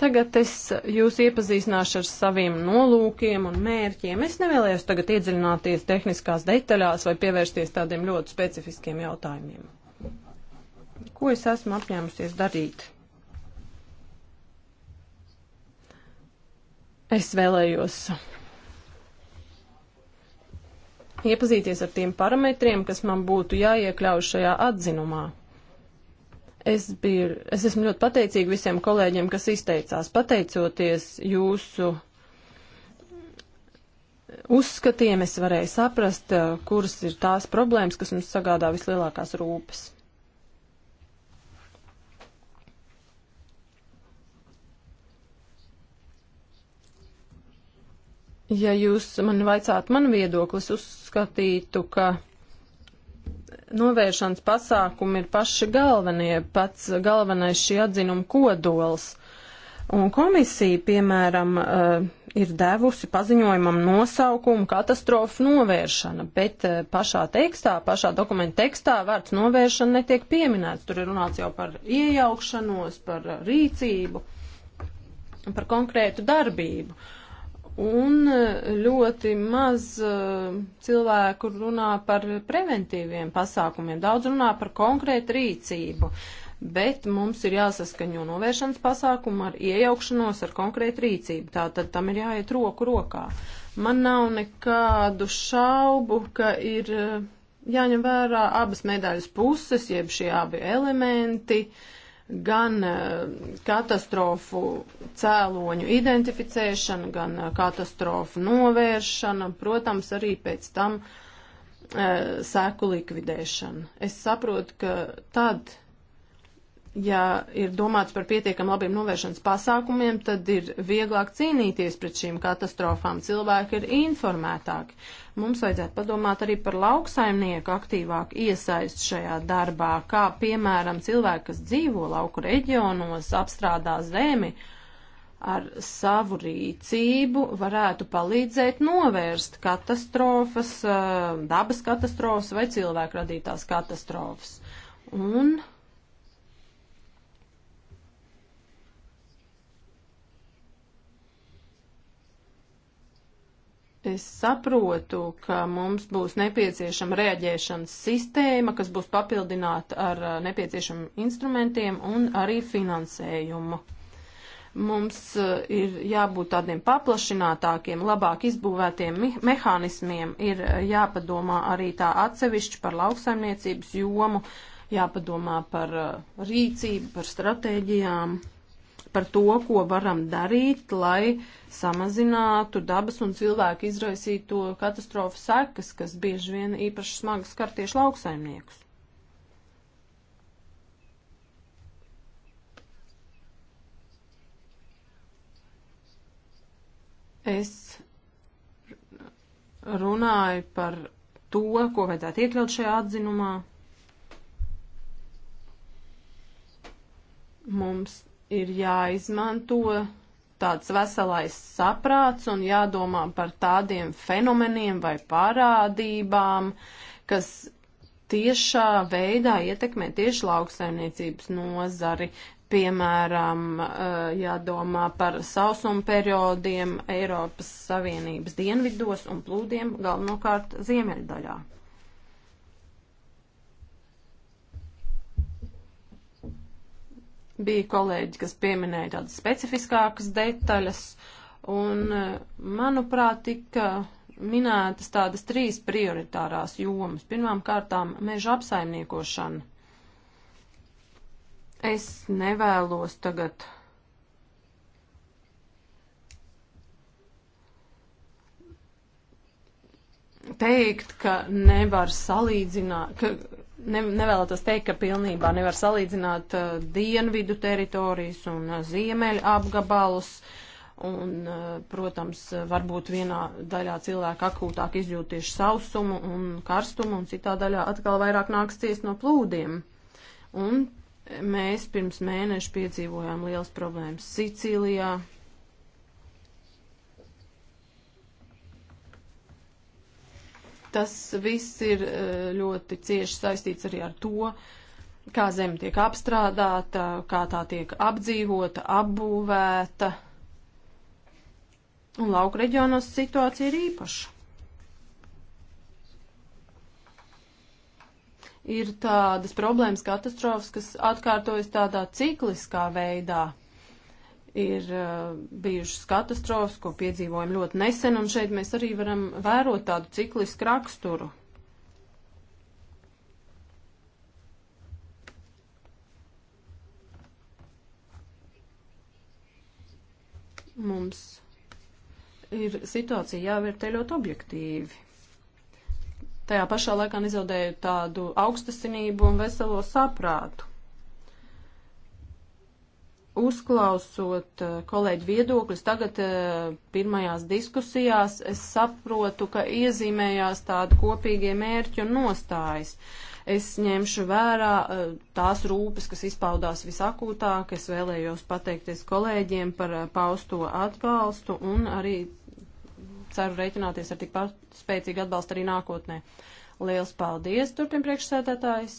Tagad es jūs iepazīstināšu ar saviem nolūkiem un mērķiem. Es nevēlējos tagad iedziļināties tehniskās detaļās vai pievērsties tādiem ļoti specifiskiem jautājumiem. Ko es esmu apņēmusies darīt? Es vēlējos iepazīties ar tiem parametriem, kas man būtu jāiekļauj šajā atzinumā. Es, biju, es esmu ļoti pateicīga visiem kolēģiem, kas izteicās. Pateicoties jūsu uzskatiem, es varēju saprast, eh, kuras ir tās problēmas, kas mums sagādā vislielākās rūpes. Ja jūs mani vaicātu manu viedokli, es uzskatītu, ka novēršanas pasākumi ir paši galvenie, pats galvenais šī atzinuma kodols. Un komisija, piemēram, eh, ir devusi paziņojumam nosaukumu katastrofu novēršana, bet eh, pašā tekstā, pašā dokumenta tekstā vārds novēršana netiek pieminēts. Tur ir runāts jau par iejaukšanos, par rīcību, par konkrētu darbību. Uh, Un eh, ļoti maz eh, cilvēku runā par preventīviem pasākumiem, daudz runā par konkrētu rīcību, bet mums ir jāsaskaņo novēršanas pasākumu ar iejaukšanos, ar konkrētu rīcību. Tātad tam ir jāiet roku rokā. Man nav nekādu šaubu, ka ir eh, jāņem vērā abas medaļas puses, jeb šie abi elementi. Uh, gan e, katastrofu cēloņu identificēšana, gan e, katastrofu novēršana, protams, arī pēc tam e, seku likvidēšana. Es saprotu, ka tad, ja ir domāts par pietiekam labiem novēršanas pasākumiem, tad ir vieglāk cīnīties pret šīm katastrofām. Cilvēki ir informētāki. Mums vajadzētu padomāt arī par lauksaimnieku aktīvāku iesaist šajā darbā, kā piemēram cilvēki, kas dzīvo lauku reģionos, apstrādā zemi, ar savu rīcību varētu palīdzēt novērst katastrofas, eh, dabas katastrofas vai cilvēku radītās katastrofas. Un Es saprotu, ka mums būs nepieciešama reaģēšanas sistēma, kas būs papildināta ar nepieciešamiem instrumentiem un arī finansējumu. Mums ir jābūt tādiem paplašinātākiem, labāk izbūvētiem mehānismiem, ir jāpadomā arī tā atsevišķi par lauksaimniecības jomu, jāpadomā par rīcību, par stratēģijām par to, ko varam darīt, lai samazinātu dabas un cilvēku izraisīto katastrofu sekas, kas bieži vien īpaši smagi skar tieši lauksaimniekus. Es runāju par to, ko vajadzētu iekļaut šajā atzinumā. Mums ir jāizmanto tāds veselais saprāts un jādomā par tādiem fenomeniem vai parādībām, kas tiešā veidā ietekmē tieši lauksaimniecības nozari. Piemēram, eh, jādomā par sausuma periodiem Eiropas Savienības dienvidos un plūdiem galvenokārt ziemeļdaļā. Bija kolēģi, kas pieminēja tādas specifiskākas detaļas, un, eh, manuprāt, tika minētas tādas trīs prioritārās jomas. Pirmām kārtām meža apsaimniekošana. Es nevēlos tagad teikt, ka nevar salīdzināt, ka, ne, nevēlētos teikt, ka pilnībā nevar salīdzināt uh, dienvidu teritorijas un uh, ziemeļu apgabalus. Un, uh, protams, uh, varbūt vienā daļā cilvēka akūtāk izjūt tieši sausumu un karstumu, un citā daļā atkal vairāk nāks ciest no plūdiem. Un mēs pirms mēneša piedzīvojām liels problēmas Sicīlijā, Tas viss ir eh, ļoti cieši saistīts arī ar to, kā zeme tiek apstrādāta, kā tā tiek apdzīvota, apbūvēta. Un lauka reģionos situācija ir īpaša. Ir tādas problēmas, katastrofas, kas atkārtojas tādā cikliskā veidā ir uh, bijušas katastrofas, ko piedzīvojam ļoti nesen, un šeit mēs arī varam vērot tādu ciklisku raksturu. Mums ir situācija jāvērtē ļoti objektīvi. Tajā pašā laikā nezaudēju tādu augstasinību un veselo saprātu uzklausot eh, kolēģi viedokļus, tagad eh, pirmajās diskusijās es saprotu, ka iezīmējās tādi kopīgie mērķi un nostājas. Es ņemšu vērā eh, tās rūpes, kas izpaudās visakūtāk, es vēlējos pateikties kolēģiem par pausto atbalstu un arī ceru reiķināties ar tik spēcīgu atbalstu arī nākotnē. Liels paldies, turpin priekšsēdētājs!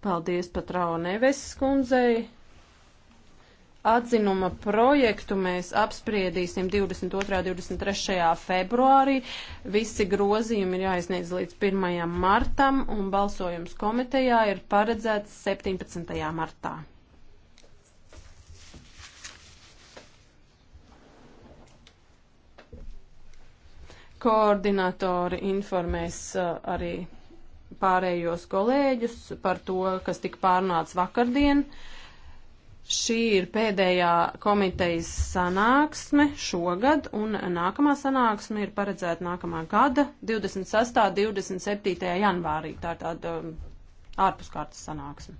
Paldies pat Rauneves skundzei. Atzinuma projektu mēs apspriedīsim 22. un 23. februārī. Visi grozījumi ir jāizniedz līdz 1. martam, un balsojums komitejā ir paredzēts 17. martā. Koordinatori informēs uh, arī pārējos kolēģus par to, kas tika pārnāts vakardien. Šī ir pēdējā komitejas sanāksme šogad, un nākamā sanāksme ir paredzēta nākamā gada 26. un 27. janvārī. Tā ir tāda um, ārpuskārtas sanāksme.